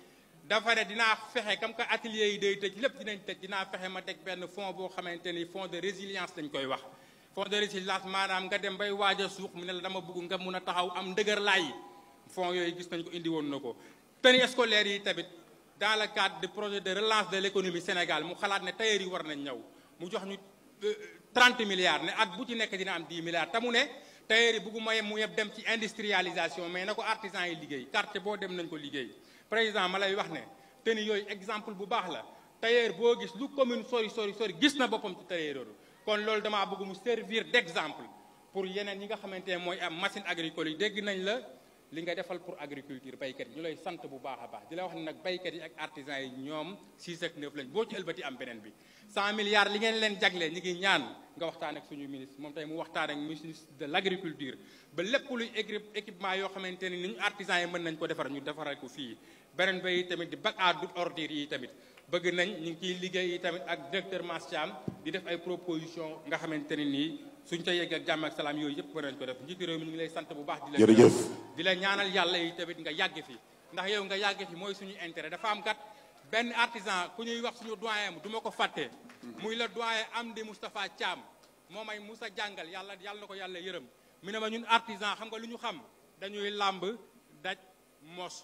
dafare dina fexe kam ko atelier yi day tëj lépp dinañ tëj dina fexe ma tek ben fonds bo xamanteni ni fonds de résilience lañ koy wax fonds de résilience manam nga dem bay waja souk suux mu ne la dama bëgg nga mëna taxaw am ndëgër lay fonds yoy gis nañ ko indi won nako ko scolaire yi tabit dans le cadre du projet de relance de l'économie Sénégal mu xalat ne tayer yi war nañ ñëw mu jox ñu 30 milliards ne at bu ci nekk dina am 10 milliards te ne tayer yi bëgguma mu yeb dem ci industrialisation mais nako artisan yi liggéey quartier bo dem nañ ko liggéey président malay wax ne te ni yooyu exemple bu bax la tailleur bo gis lu commune sori sori sori gis na bopam ci tailleur yooyu kon lool dama bëgg mu servir d'exemple pour yenen yi nga xamante moy am machine agricole yi dégg nañ la li nga defal pour agriculture baykat yi ñu lay sante bu baaxa baax di la wax nak baykat yi ak artisan yi ñom 6 ak 9 lañ bo ci ëlbati am benen bi 100 milliards li ngeen leen jaglé ñi ngi ñaan nga waxtaan ak suñu ministre mom tay mu waxtaan ak ministre de l'agriculture ba lépp luy équipement yo xamanteni ñu artisan yi mën nañ ko defar ñu defaral ko fi beneen ba yi tamit di bac à yi tamit bëgg nañ ñu ngi ciy liggéey yi tamit ak directeur Mass Thiam di def ay proposition nga xamante ne nii suñ ca yegg ak jàmm ak salaam yooyu yëpp mën nañ ko def njiitu réew mi ñu ngi lay sant bu baax di la jërëjëf di la ñaanal yàlla yi tamit nga yàgg fi ndax yow nga yàgg fi mooy suñu intérêt dafa am kat benn artisan ku ñuy wax suñu doyen du ma ko fàtte muy la doyen Amdi Moustapha Thiam moom ay Moussa jàngal yàlla yàlla na ko yàlla yërëm mi ne ma ñun artisan xam nga lu ñu xam dañuy làmb daj mos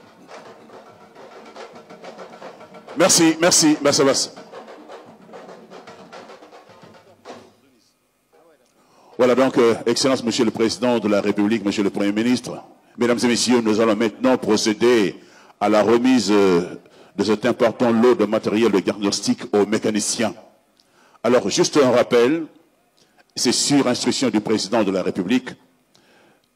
Merci, merci, merci, Voilà donc, euh, Excellence, Monsieur le Président de la République, Monsieur le Premier ministre, Mesdames et Messieurs, nous allons maintenant procéder à la remise euh, de cet important lot de matériel de diagnostic aux mécaniciens. Alors, juste un rappel, c'est sur instruction du Président de la République,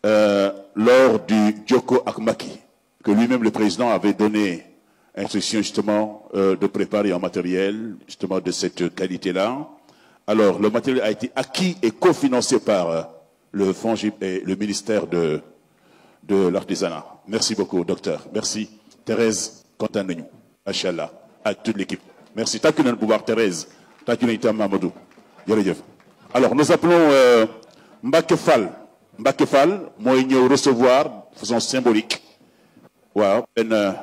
euh, lors du Djoko Akmaki, que lui-même le Président avait donné instruction justement euh, de préparer un matériel justement de cette qualité-là. Alors, le matériel a été acquis et cofinancé par euh, le Fonds et le ministère de, de l'Artisanat. Merci beaucoup, docteur. Merci. Thérèse nous, Inch'Allah, à toute l'équipe. Merci. Takunan Boubar, Thérèse. Takunan Mamadou. Alors, nous appelons euh, Mbakefal. Mbakefal, moi, recevoir, façon symbolique. Wow. Une,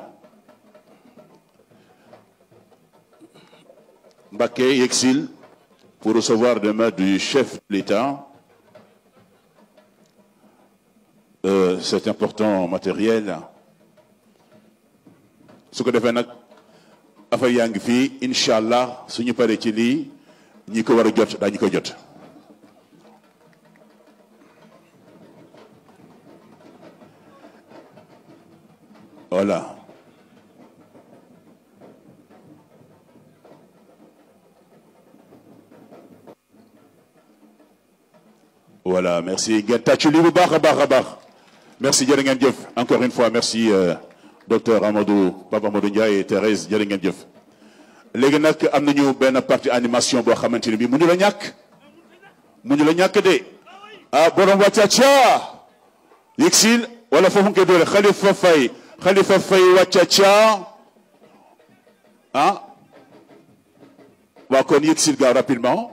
Baké Exil pour recevoir demain du chef de l'État euh, cet important matériel. Ce que nous avons fait, Inch'Allah, si nous pas de nous avons fait Voilà. voilà merci ngeen tàccu li bu merci jërë encore une fois merci euh, docteur Amadou Pape Amadou Ndiaye et Thérèse jërë ngeen jëf léegi nag am nañu benn partie animation boo xamante ni bi mu ñu la ñàkk mu ñu la ñàkk de ah borom wàccaca yëgsil wala foofu nga koy doole Khalifa Faye Khalifa Faye wàccaca ah waa kon yëgsil gaaw rapidement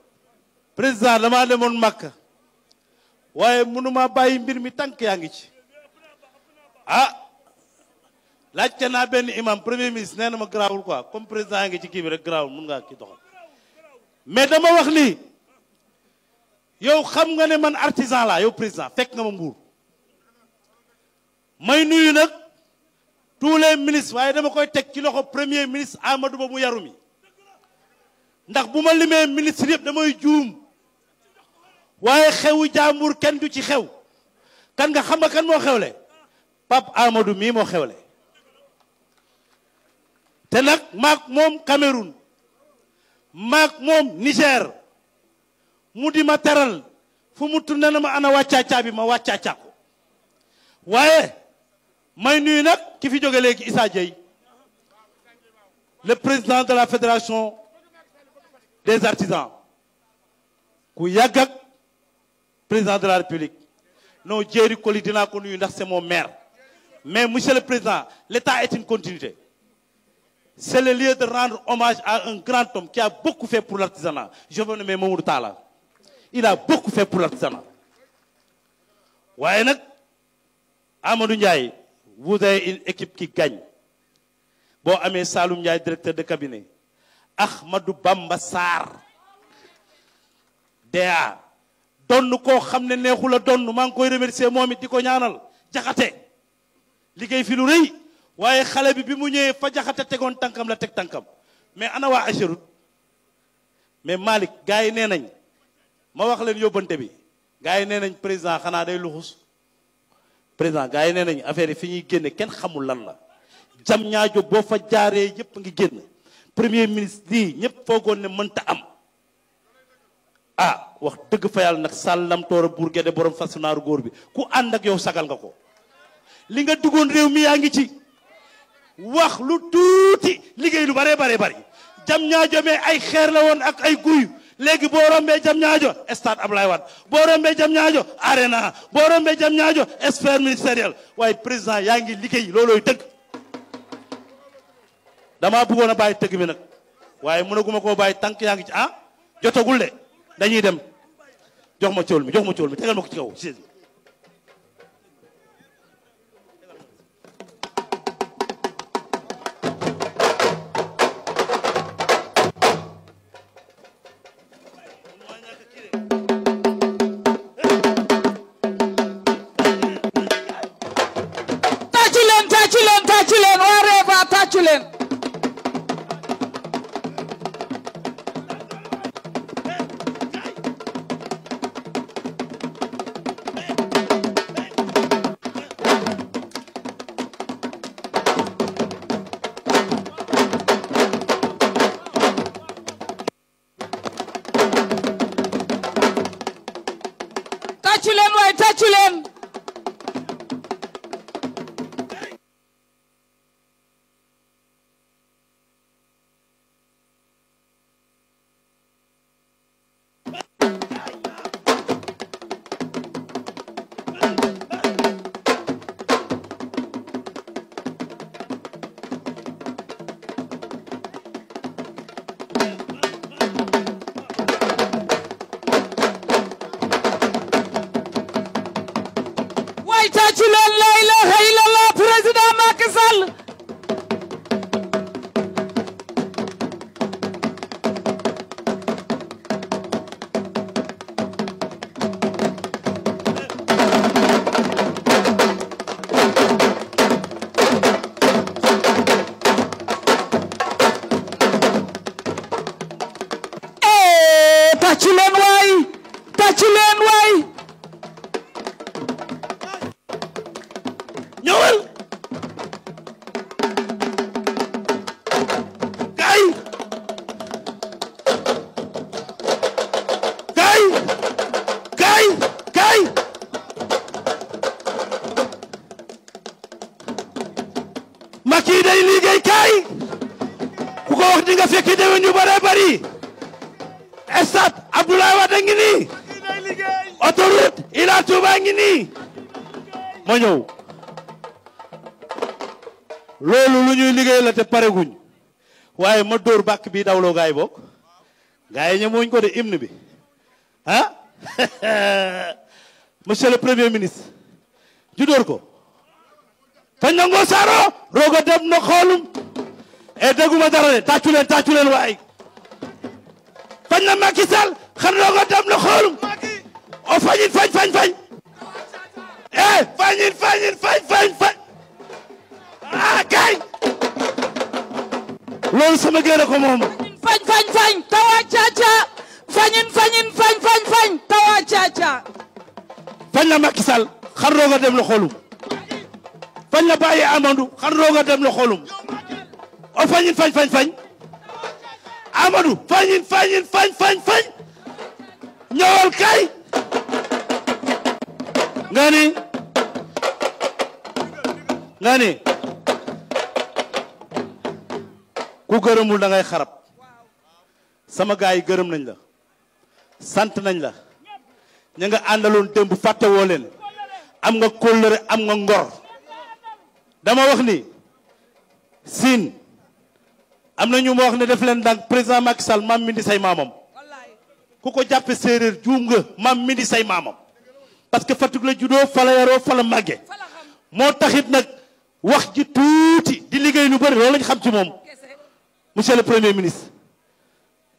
président damaa demoon makk waaye mënuma bàyyi mbir mi tànk yaa ngi ci ah laajte naa benn imam premier ministre nee na ma garaawul quoi comme président yaa ngi ci kii bi rek garaawul mun ngaa kii doxal mais dama wax lii yow xam nga ne man artisan laa yow président fekk nga ma mbuur may nuyu nag tous les ministres waaye dama koy teg ci loxo premier ministre Amadou Ba mu yaru mi ndax bu ma limee ministre yëpp damay juum waaye xewu jàmbur kenn du ci xew kan nga xam nga kan moo xewle Pape Amadou mii moo xewle te nag maak moom Cameroun maak moom Niger mu di ma teral fu mu turne na ma ana wàccaaca bi ma wàccaaca ko waaye may nuyu nag ki fi jóge léegi Issa Dieye le président de la fédération des artisans ku yàgg président de la République non Jerry Colidina c'est mon maire mais monsieur le président l'État est une continuité c'est le lieu de rendre hommage à un grand homme qui a beaucoup fait pour l'artisanat je veux nommer mon Talla il a beaucoup fait pour l'artisanat waaye Amadou Ndiaye vous avez une équipe qui gagne Bon, Amé Saloum Ndiaye directeur de cabinet Ahmadou Bamba Sarr donn koo xam ne neexu la donn maa ngi koy remercier moom it di ko ñaanal jaxate liggéey filu lu waaye xale bi bi mu ñëwee fa jaxate tegoon tànkam la teg tànkam mais ana waa Acherut mais Malick gars yi nee nañ ma wax leen yóbbante bi gars yi nee nañ président xanaa day luxus président gars yi nee nañ affaire yi fi ñuy génne kenn xamul lan la jam ñaajo boo fa jaaree yëpp ngi génn premier ministre lii ñëpp foogoon ne mënta am ah wax dëgg fayal yàlla nag sàllam toora buur gede borom fas naaru góor bi ku ànd ak yow sagal nga ko li nga duggoon réew mi yaa ngi ci wax lu tuuti liggéey lu bare bare bari jam ñaajo me ay xeer la woon ak ay guy léegi boo rombee jam ñaajo stade Ablaye Wade boo rombee jam ñaajo arena boo rombee jam ñaajo sphère ministériel waaye président yaa ngi liggéey loolooy dëgg damaa bëggoon a bàyyi tëgg bi nag waaye mënaguma ko bàyyi tànk yaa ngi ci ah jotagul de dañuy dem jox ma cóol mi jox ma mi tegal ma ko ci touch him, Why I touch him. bii dawloo gaa yi bokk gaa ko de hymne bi ah monsieur le premier ministre ju dóor ko te nangoo saaro rooga dem na xoolum e dégguma dara de tàccu leen tàccu leen waay fañ na Macky xan rooga dem na xoolum o fañin fañ fañ fañ e, fañin fañin fañ fañ fañ ah loolu sama géer a ko moom fañ fañ fañ tawa caaca fañin fañin fañ fañ fañ tawa caaca fañ la Macky Sall xar rooga dem la xolum fañ la bàyyi Amadou xar rooga dem la xolum o oh, fañin fañ fañ fañ Amadou fañin fañ fañ fañ kay nga ni ku gërëmul da ngay xarab sama gaay yi nañ la sant nañ la ña nga àndaloon démb fàtte woo am nga kolere am nga ngor dama wax ni sin am na ñu mo wax ni def len ndànk président Macky Sall mam mindi say mamam, ku ko japp séeréer juum nga mam mindi say mamam, parce que fatou la judo fala yaro fala magge mo taxit nak wax ji touti di lu bari lo lañ xam ci mom monsieur le premier ministre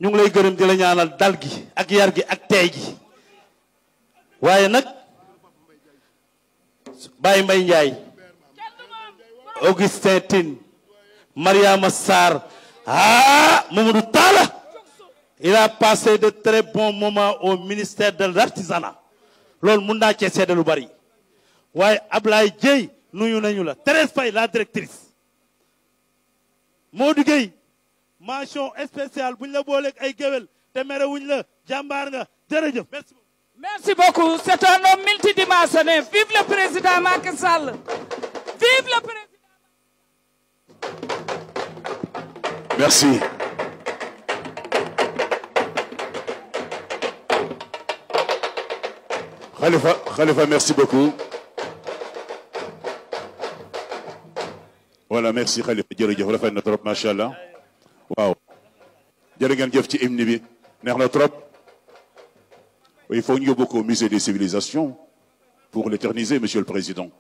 ñu ngi lay gërëm di la ñaanal dal gi ak yar gi ak teey gi waaye nag Baye mbay Ndiaye Augustin Tine Mariama Sarr ah Mamadou Talla il a passé de très bons moments au ministère de l'artisanat loolu mun naa cee seede lu bari waaye Ablaye Dieye nuyu nañu la Thérèse Faye la directrice Modou Gueye mention spéciale buñ ay merci beaucoup. c'est un homme multidimensionnel. vive le président Macky vive le président. merci. Khalifa, merci beaucoup. Voilà, merci Khalifa waaw jërë ngeen jëf ci hymne bi neex na trop il faut nous beaucoup ko musée des civilisations pour l'éterniser monsieur le président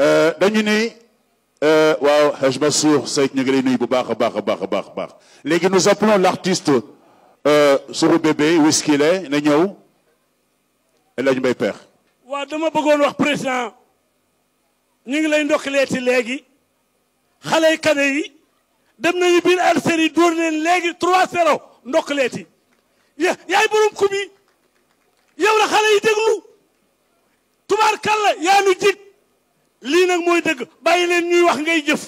euh, dañu ni euh, waaw Haj Mansour Seyd ñu ngi lay nuyu bu baax a baax a baax nous appelons l'artiste le euh, Bébé est-ce na est? El Hadj Mbaye Pekh waaw dama bëggoon wax président ñu ngi lay ndokkileeti léegi xale yi kane yi dem nañu biir Algérie dóor leen léegi 3-0 ndokkaleeti ya yaay borom kub yi yow la xale yi déglu tubaar kàlla yaa nu jig lii nag mooy dëgg bàyyi leen ñuy wax ngay jëf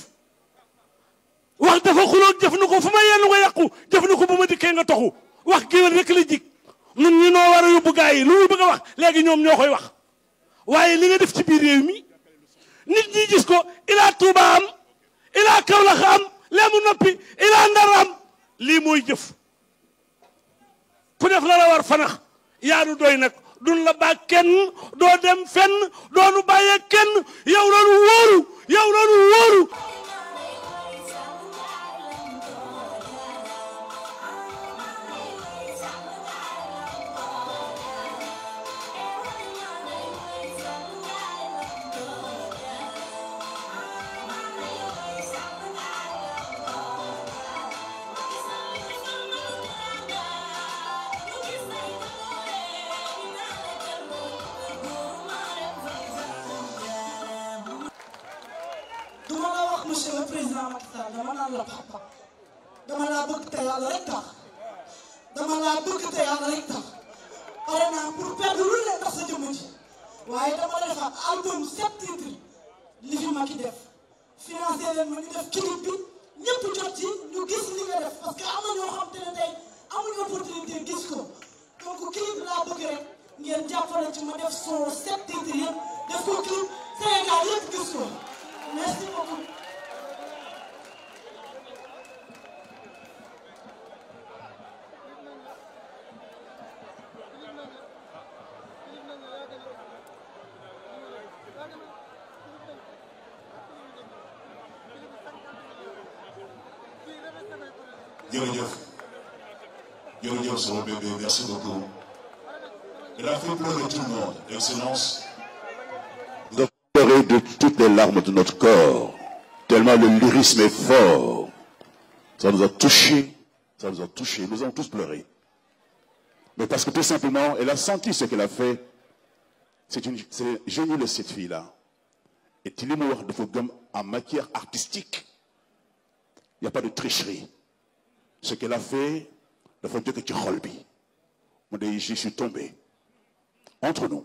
wax dafa xuloog jëf na ko fu ma yenn nga yàqu jëf na ko bu ma dikkee nga toxu wax géwél rek la jig ñun ñu noo war a yóbbu gaa yi lu ñu bëgg a wax léegi ñoom ñoo koy wax waaye li nga def ci biir réew mi nit ñi gis ko ilaa Tuuba am ilaa Kawlax am lee mu noppi ilaa ndaram lii mooy jëf ku def la la war fanax yaa du doy nag dun la baa kenn doo dem fenn doo nu bàyyee kenn yow la nu wóoru yow la Nous de pleuré de toutes les larmes de notre corps, tellement le lyrisme est fort. Ça nous a touchés, ça nous a touchés, nous avons tous pleuré. Mais parce que tout simplement, elle a senti ce qu'elle a fait. C'est une de cette fille-là. Et il de comme en matière artistique, il n'y a pas de tricherie. Ce qu'elle a fait, faut dire que tu je suis tombé. Entre nous.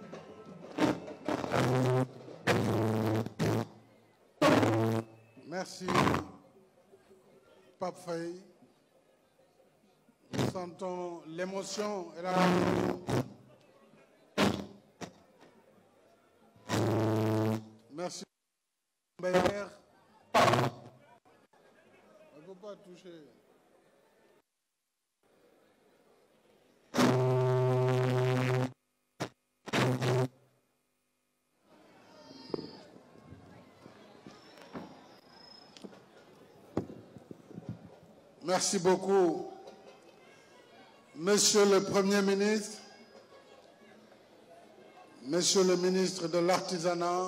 Merci, Pape Faye. Nous sentons l'émotion et la Merci. Ne peut pas toucher. Merci beaucoup. Monsieur le Premier ministre, Monsieur le ministre de l'Artisanat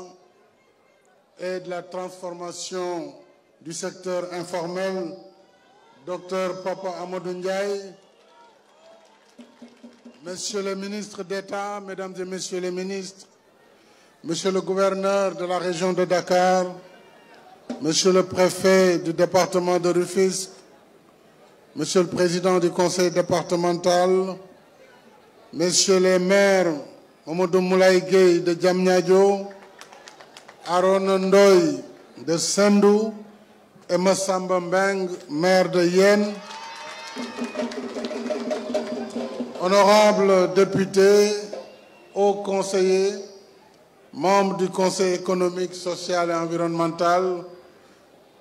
et de la Transformation du secteur informel, Docteur Papa Amadou Ndiaye, Monsieur le ministre d'État, Mesdames et Messieurs les ministres, Monsieur le gouverneur de la région de Dakar, Monsieur le préfet du département de Rufisque, Monsieur le Président du Conseil départemental, Messieurs les maires, Momodou Moulay de Djamnyadjo, Aaron Ndoy de Sendou et maire de Yen, honorables députés, hauts conseillers, membres du Conseil économique, social et environnemental,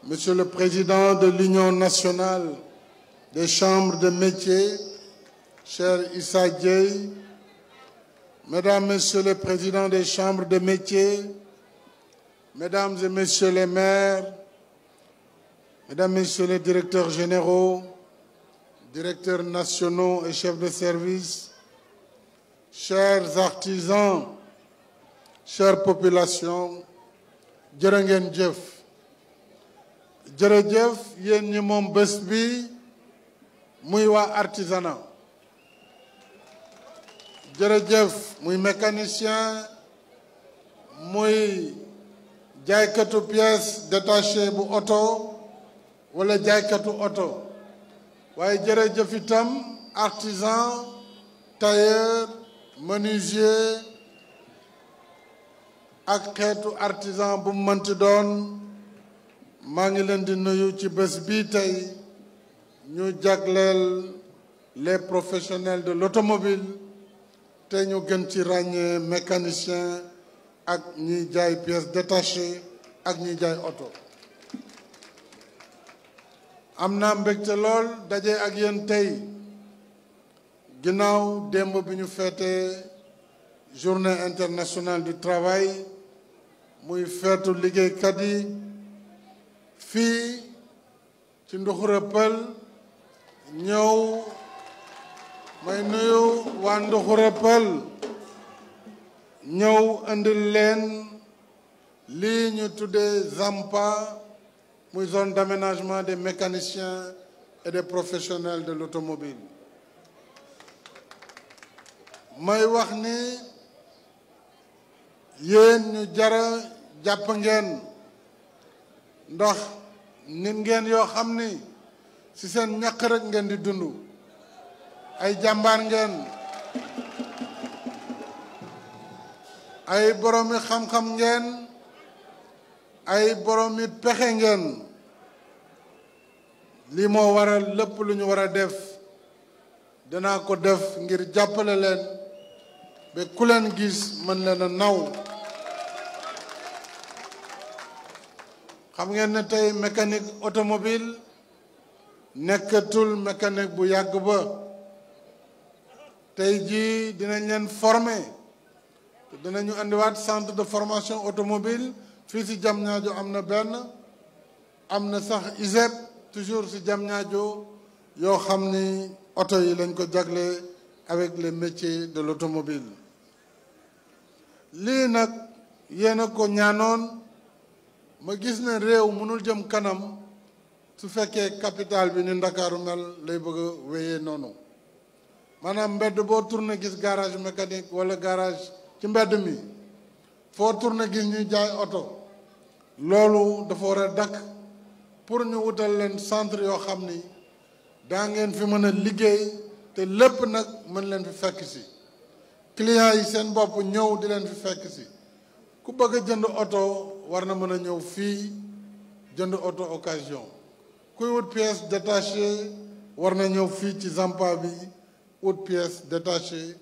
Monsieur le Président de l'Union nationale des chambres de métier, cher Issa Dieye, Mesdames, et Messieurs les présidents des chambres de métier, Mesdames et Messieurs les maires, Mesdames, et Messieurs les directeurs généraux, directeurs nationaux et chefs de service, chers artisans, chères populations, Djerengen Jeff, Djerengen ñi muy waa artisanat jërëjëf muy mécanicien muy jaaykatu pièce détachée bu oto wala jaaykatu oto waaye jërëjëf itam artisan tailleur menuisier ak xeetu artisan bu mu mënti doon maa ngi leen di nuyu ci bés bii tey nous jagleel les professionnels de l'automobile te ñu gën ci ragné mécanicien ak ñi jaay pièces détachées ak ñi jaay auto amna naa mbégte lool daje ak yéen tay ginnaw demb bi ñu fété journée internationale du travail muy feetu liggéeykat yi fii ci Nduxura Pël ñew may nuyu waa Nduxure Pël ñëw indil leen lii ñu tuddee ZAMPA muy zone d'aménagement des mécaniciens et des professionnels de l'automobile may wax ni yéen ñu jara jàpp ngeen ndax nit ngeen yoo xam ni ci seen ñaq rek ngeen di dund ay jàmbaar ngeen ay boroomi xam-xam ngeen ay boroomit pexe ngeen lii moo waral lépp lu ñu war a def danaa ko def ngir jàppale leen ba ku leen gis mën leen a naw xam ngeen ne tey mécanique automobile nekatul mécanique bu yag ba tay ji dinañ len former dinañu andi wat centre de formation automobile fi ci Diamniadio amna ben amna sax ISEP toujours ci Diamniadio yo xamni ni yi lañ ko avec les métiers de l'automobile li nak yena ko ñaanon ma gis ne rew mënul jëm kanam su fekkee capital bi ni ndakaaru mel lay bëgg a wéyee noonu maanaam mbedd boo tourné gis garage mécanique wala garage ci mbedd mi foo tourné gis ñuy jaay oto loolu dafa war a dakk pour ñu wutal leen centre yoo xam ni daa ngeen fi mën a liggéey te lépp nag mën leen fi fekk si clients yi seen bopp ñëw di leen fi fekk si ku bëgg a jënd oto war na mën a ñëw fii jënd oto occasion kuy wut pièce détachée war na ñëw fii ci Zampa bi wut pièce détachée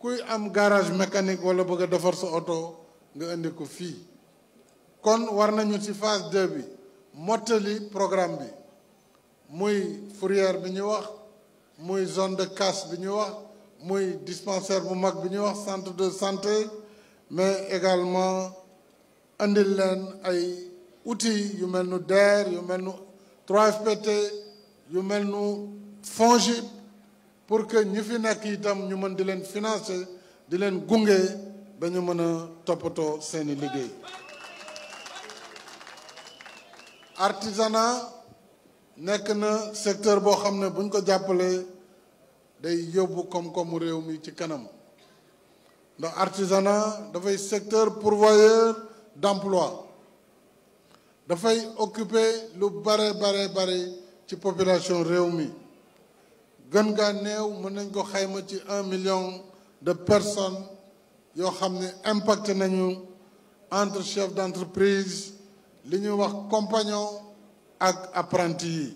kuy am garage mécanique wala bëgg a defar sa oto nga indi ko fii kon war nañu ci phase 2 bi mottali programme bi muy fourrière bi ñuy wax muy zone de casse bi ñuy wax muy dispensaire bu mag bi ñuy wax centre de santé mais également indil leen ay outils yu mel nu DER yu mel nu 3PT yu mel nu FONGIP pour que ñi fi nekk itam ñu mën di leen financer di leen gunge ba ñu mën a toppatoo seeni liggéey artisanat nekk na secteur boo xam ne buñ ko jàppalee day yóbbu koom-koomu réew mi ci kanam ndax artisanat dafay secteur pourvoyeur d'emploi faut occuper barré, bare bare bare ci population réunie. gën ngaa mën un million de personnes qui ont ne impacté nañu entre chefs d'entreprise les compagnons et les apprentis. Les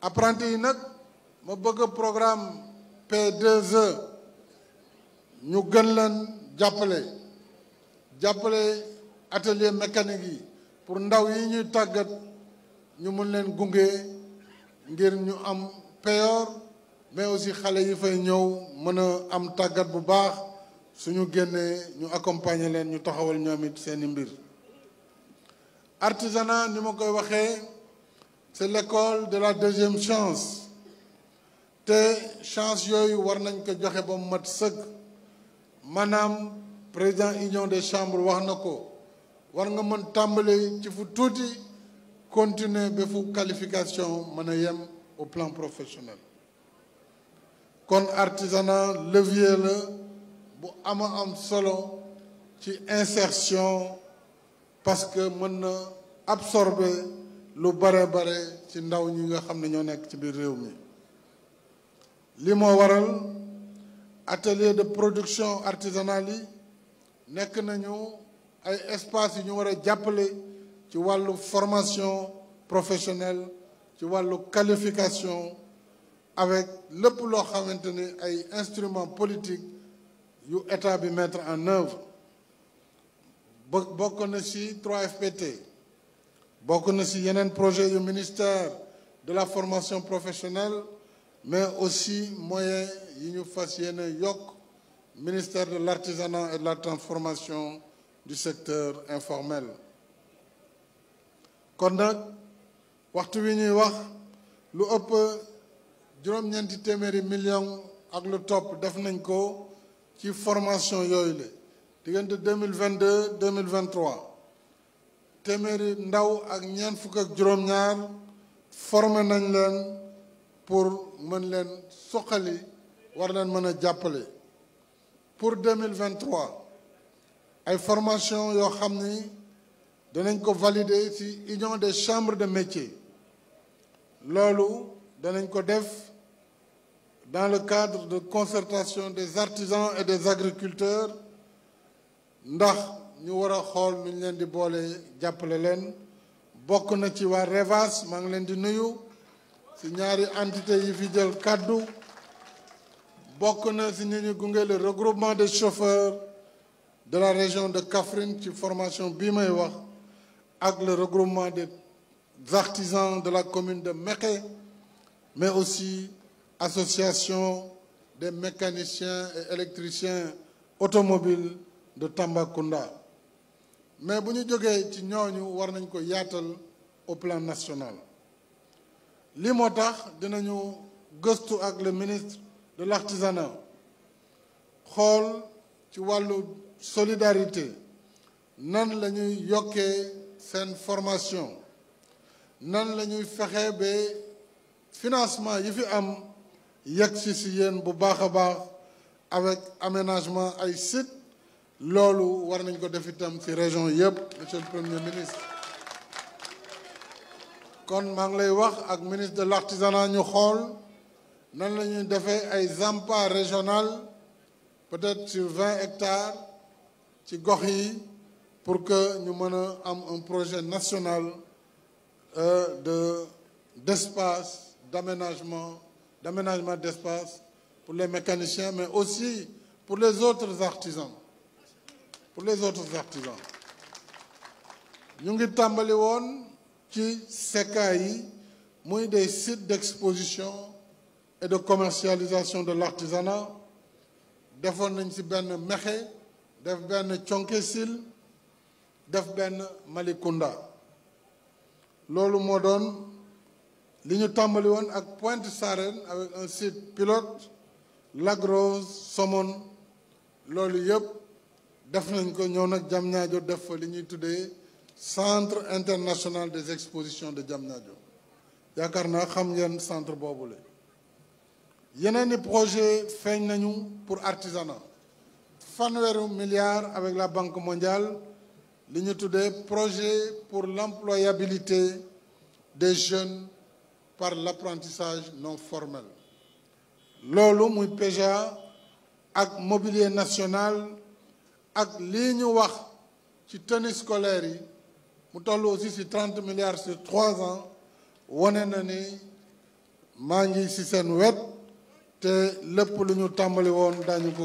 apprentis, apprenti yi programme P2E ñu gën leen atelier mécanique pour ndaw yi ñuy tàggat ñu mën leen gunge ngir ñu am peyor mais aussi xale yi fay ñëw mën a am tàggat bu baax suñu génnee ñu accompagner leen ñu taxawal ñoom it seeni mbir artisanat ni ma koy waxee c'est l'école de la deuxième chance te chance yooyu war nañ ko joxe ba mu mat sëkk maanaam président union des chambres wax na ko war nga mën tàmbali ci fu tuuti continuer ba fu qualification mën a au plan professionnel kon artisanat levier la bu ama am solo ci insertion parce que mën na absorber lu bare bare ci ndaw ñi nga xam ne ñoo nekk ci biir réew mi li moo waral atelier de production artisanale yi nekk nañu un espace où nous avons a formation professionnelle vois, la qualification avec le pouvoir à maintenir ay instruments politiques yu état bi mettre en œuvre bokk na 3FPT bokk na ci projet du ministère de la formation professionnelle mais aussi moyen, yi nous ministère de l'artisanat et de la transformation du secteur informel kon nag waxtu wi ñuy wax lu ëpp juróom-ñeenti téeméeri million ak lu topp def nañ ko ci formation yooyu la diggante 2022 2023 téeméeri ndaw ak ñeent fukk ak juróom-ñaar formé nañ leen pour mën leen suqali war leen mën pour 2023 ay formation yoo xam ni ko valider ci union des chambres de métiers loolu danañ ko def dans le cadre de concertation des artisans et des agriculteurs ndax ñu wara xol ñu leen di bolé jappalé leen bokk na ci wa Revas ma ngi leen di nuyu ci ñaari entité yi fi jël kàddu bokk na ci ñu le regroupement des chauffeurs de la région de Kafrin qui formation Bimaywa, avec le regroupement des artisans de la commune de Meké, mais aussi association des mécaniciens et électriciens automobiles de Tambacounda mais si nous avons ci au plan national li avec le ministre de l'artisanat ci solidarité nan lañuy yoké sen formation nan lañuy fexé bé financement yi fi am yegg ci si bu baax avec aménagement ay site lolu war nañ ko def itam ci région yëpp monsieur le premier ministre kon maa ngi lay wax ak ministre de l'artisanat ñu xol nan lañuy défé ay ZAMPA régional peut-être sur 20 hectares pour que nous menons un projet national euh, de d'espace d'aménagement d'aménagement d'espace pour les mécaniciens mais aussi pour les autres artisans pour les autres artisans Nous avons des sites d'exposition et de commercialisation de l'artisanat nous def benn Thionkesil def Lolo Modon, lolou mo don liñu tambali won ak Pointe Sarène avec un site pilote Lagrose, Somon, lolou yeb yëpp def nañ ko ñow nak def fa centre international des expositions de Diamniadio yakarna xam ngeen centre boobu la yeneen projet feñ nañu pour artisanat un milliard avec la Banque mondiale li de projet pour l'employabilité des jeunes par l'apprentissage non formel Lolo muy PGA, ak mobilier national ak lii wax ci scolaire yi mu aussi ci 30 milliards sur 3 ans wane na mangi si ngi ci wet te lépp lu tambali won woon ko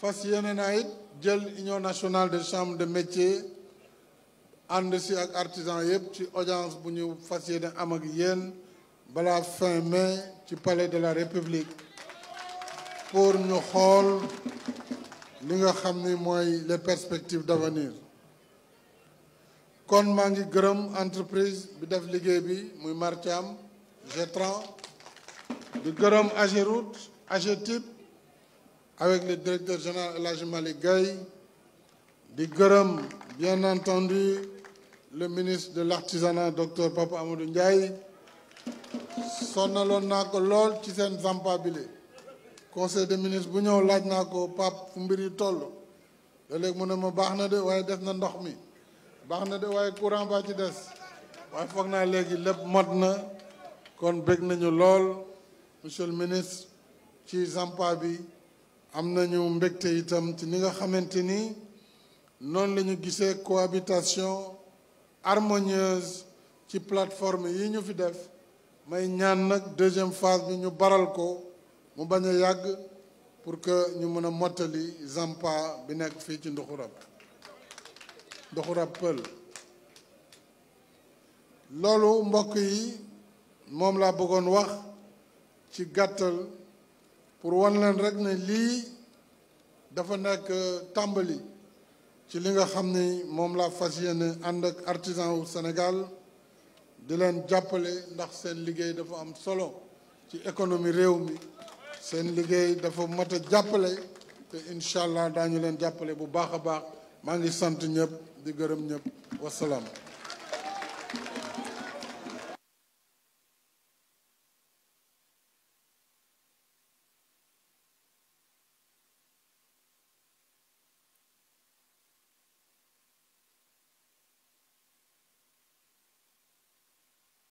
fas yéene naa union nationale des chambres de métiers ànd si ak artisan yépp ci audience bu ñu fas Amagien, am ak fin mai ci palais de la république pour ñu xol li nga moy les perspectives d'avenir kon ma ngi entreprise bi def liggéey bi muy Martiam Gétran du gërëm Ageroute agetype avec le directeur général Elhaj Malick Gaye di bien entendu le ministre de l'artisanat docteur Papa Amadou Ndiaye Sonalon naa lol, qui ci conseil des ministres bu ñëw laaj naa ko pap fu mbir yi toll léeg-léeg de def na ndox de waaye courant baa ci des waaye foog naa léegi lépp mot na kon bég nañu monsieur le ministre ci zampa amna ñu itamti itam ci ni nga xamante cohabitation harmonieuse ci plateforme yi ñu fi def may ñaan nak deuxième phase bi ñu baral ko mu pour que ñu mëna motali Zampa bi nek fi ci Nduxurab lolo Pël loolu mbokk yi mom la wax ci gattal pour wan leen rek ne lii dafa nekk tàmbali ci li nga xam ni moom laa fas yéene ànd ak artisan wu Sénégal di leen jàppale ndax seen liggéey dafa am solo ci économie réew mi seen liggéey dafa mat a jàppale te incha allah daañu leen jàppale bu baax a baax maa ngi sant ñëpp di gërëm ñëpp wasalaam.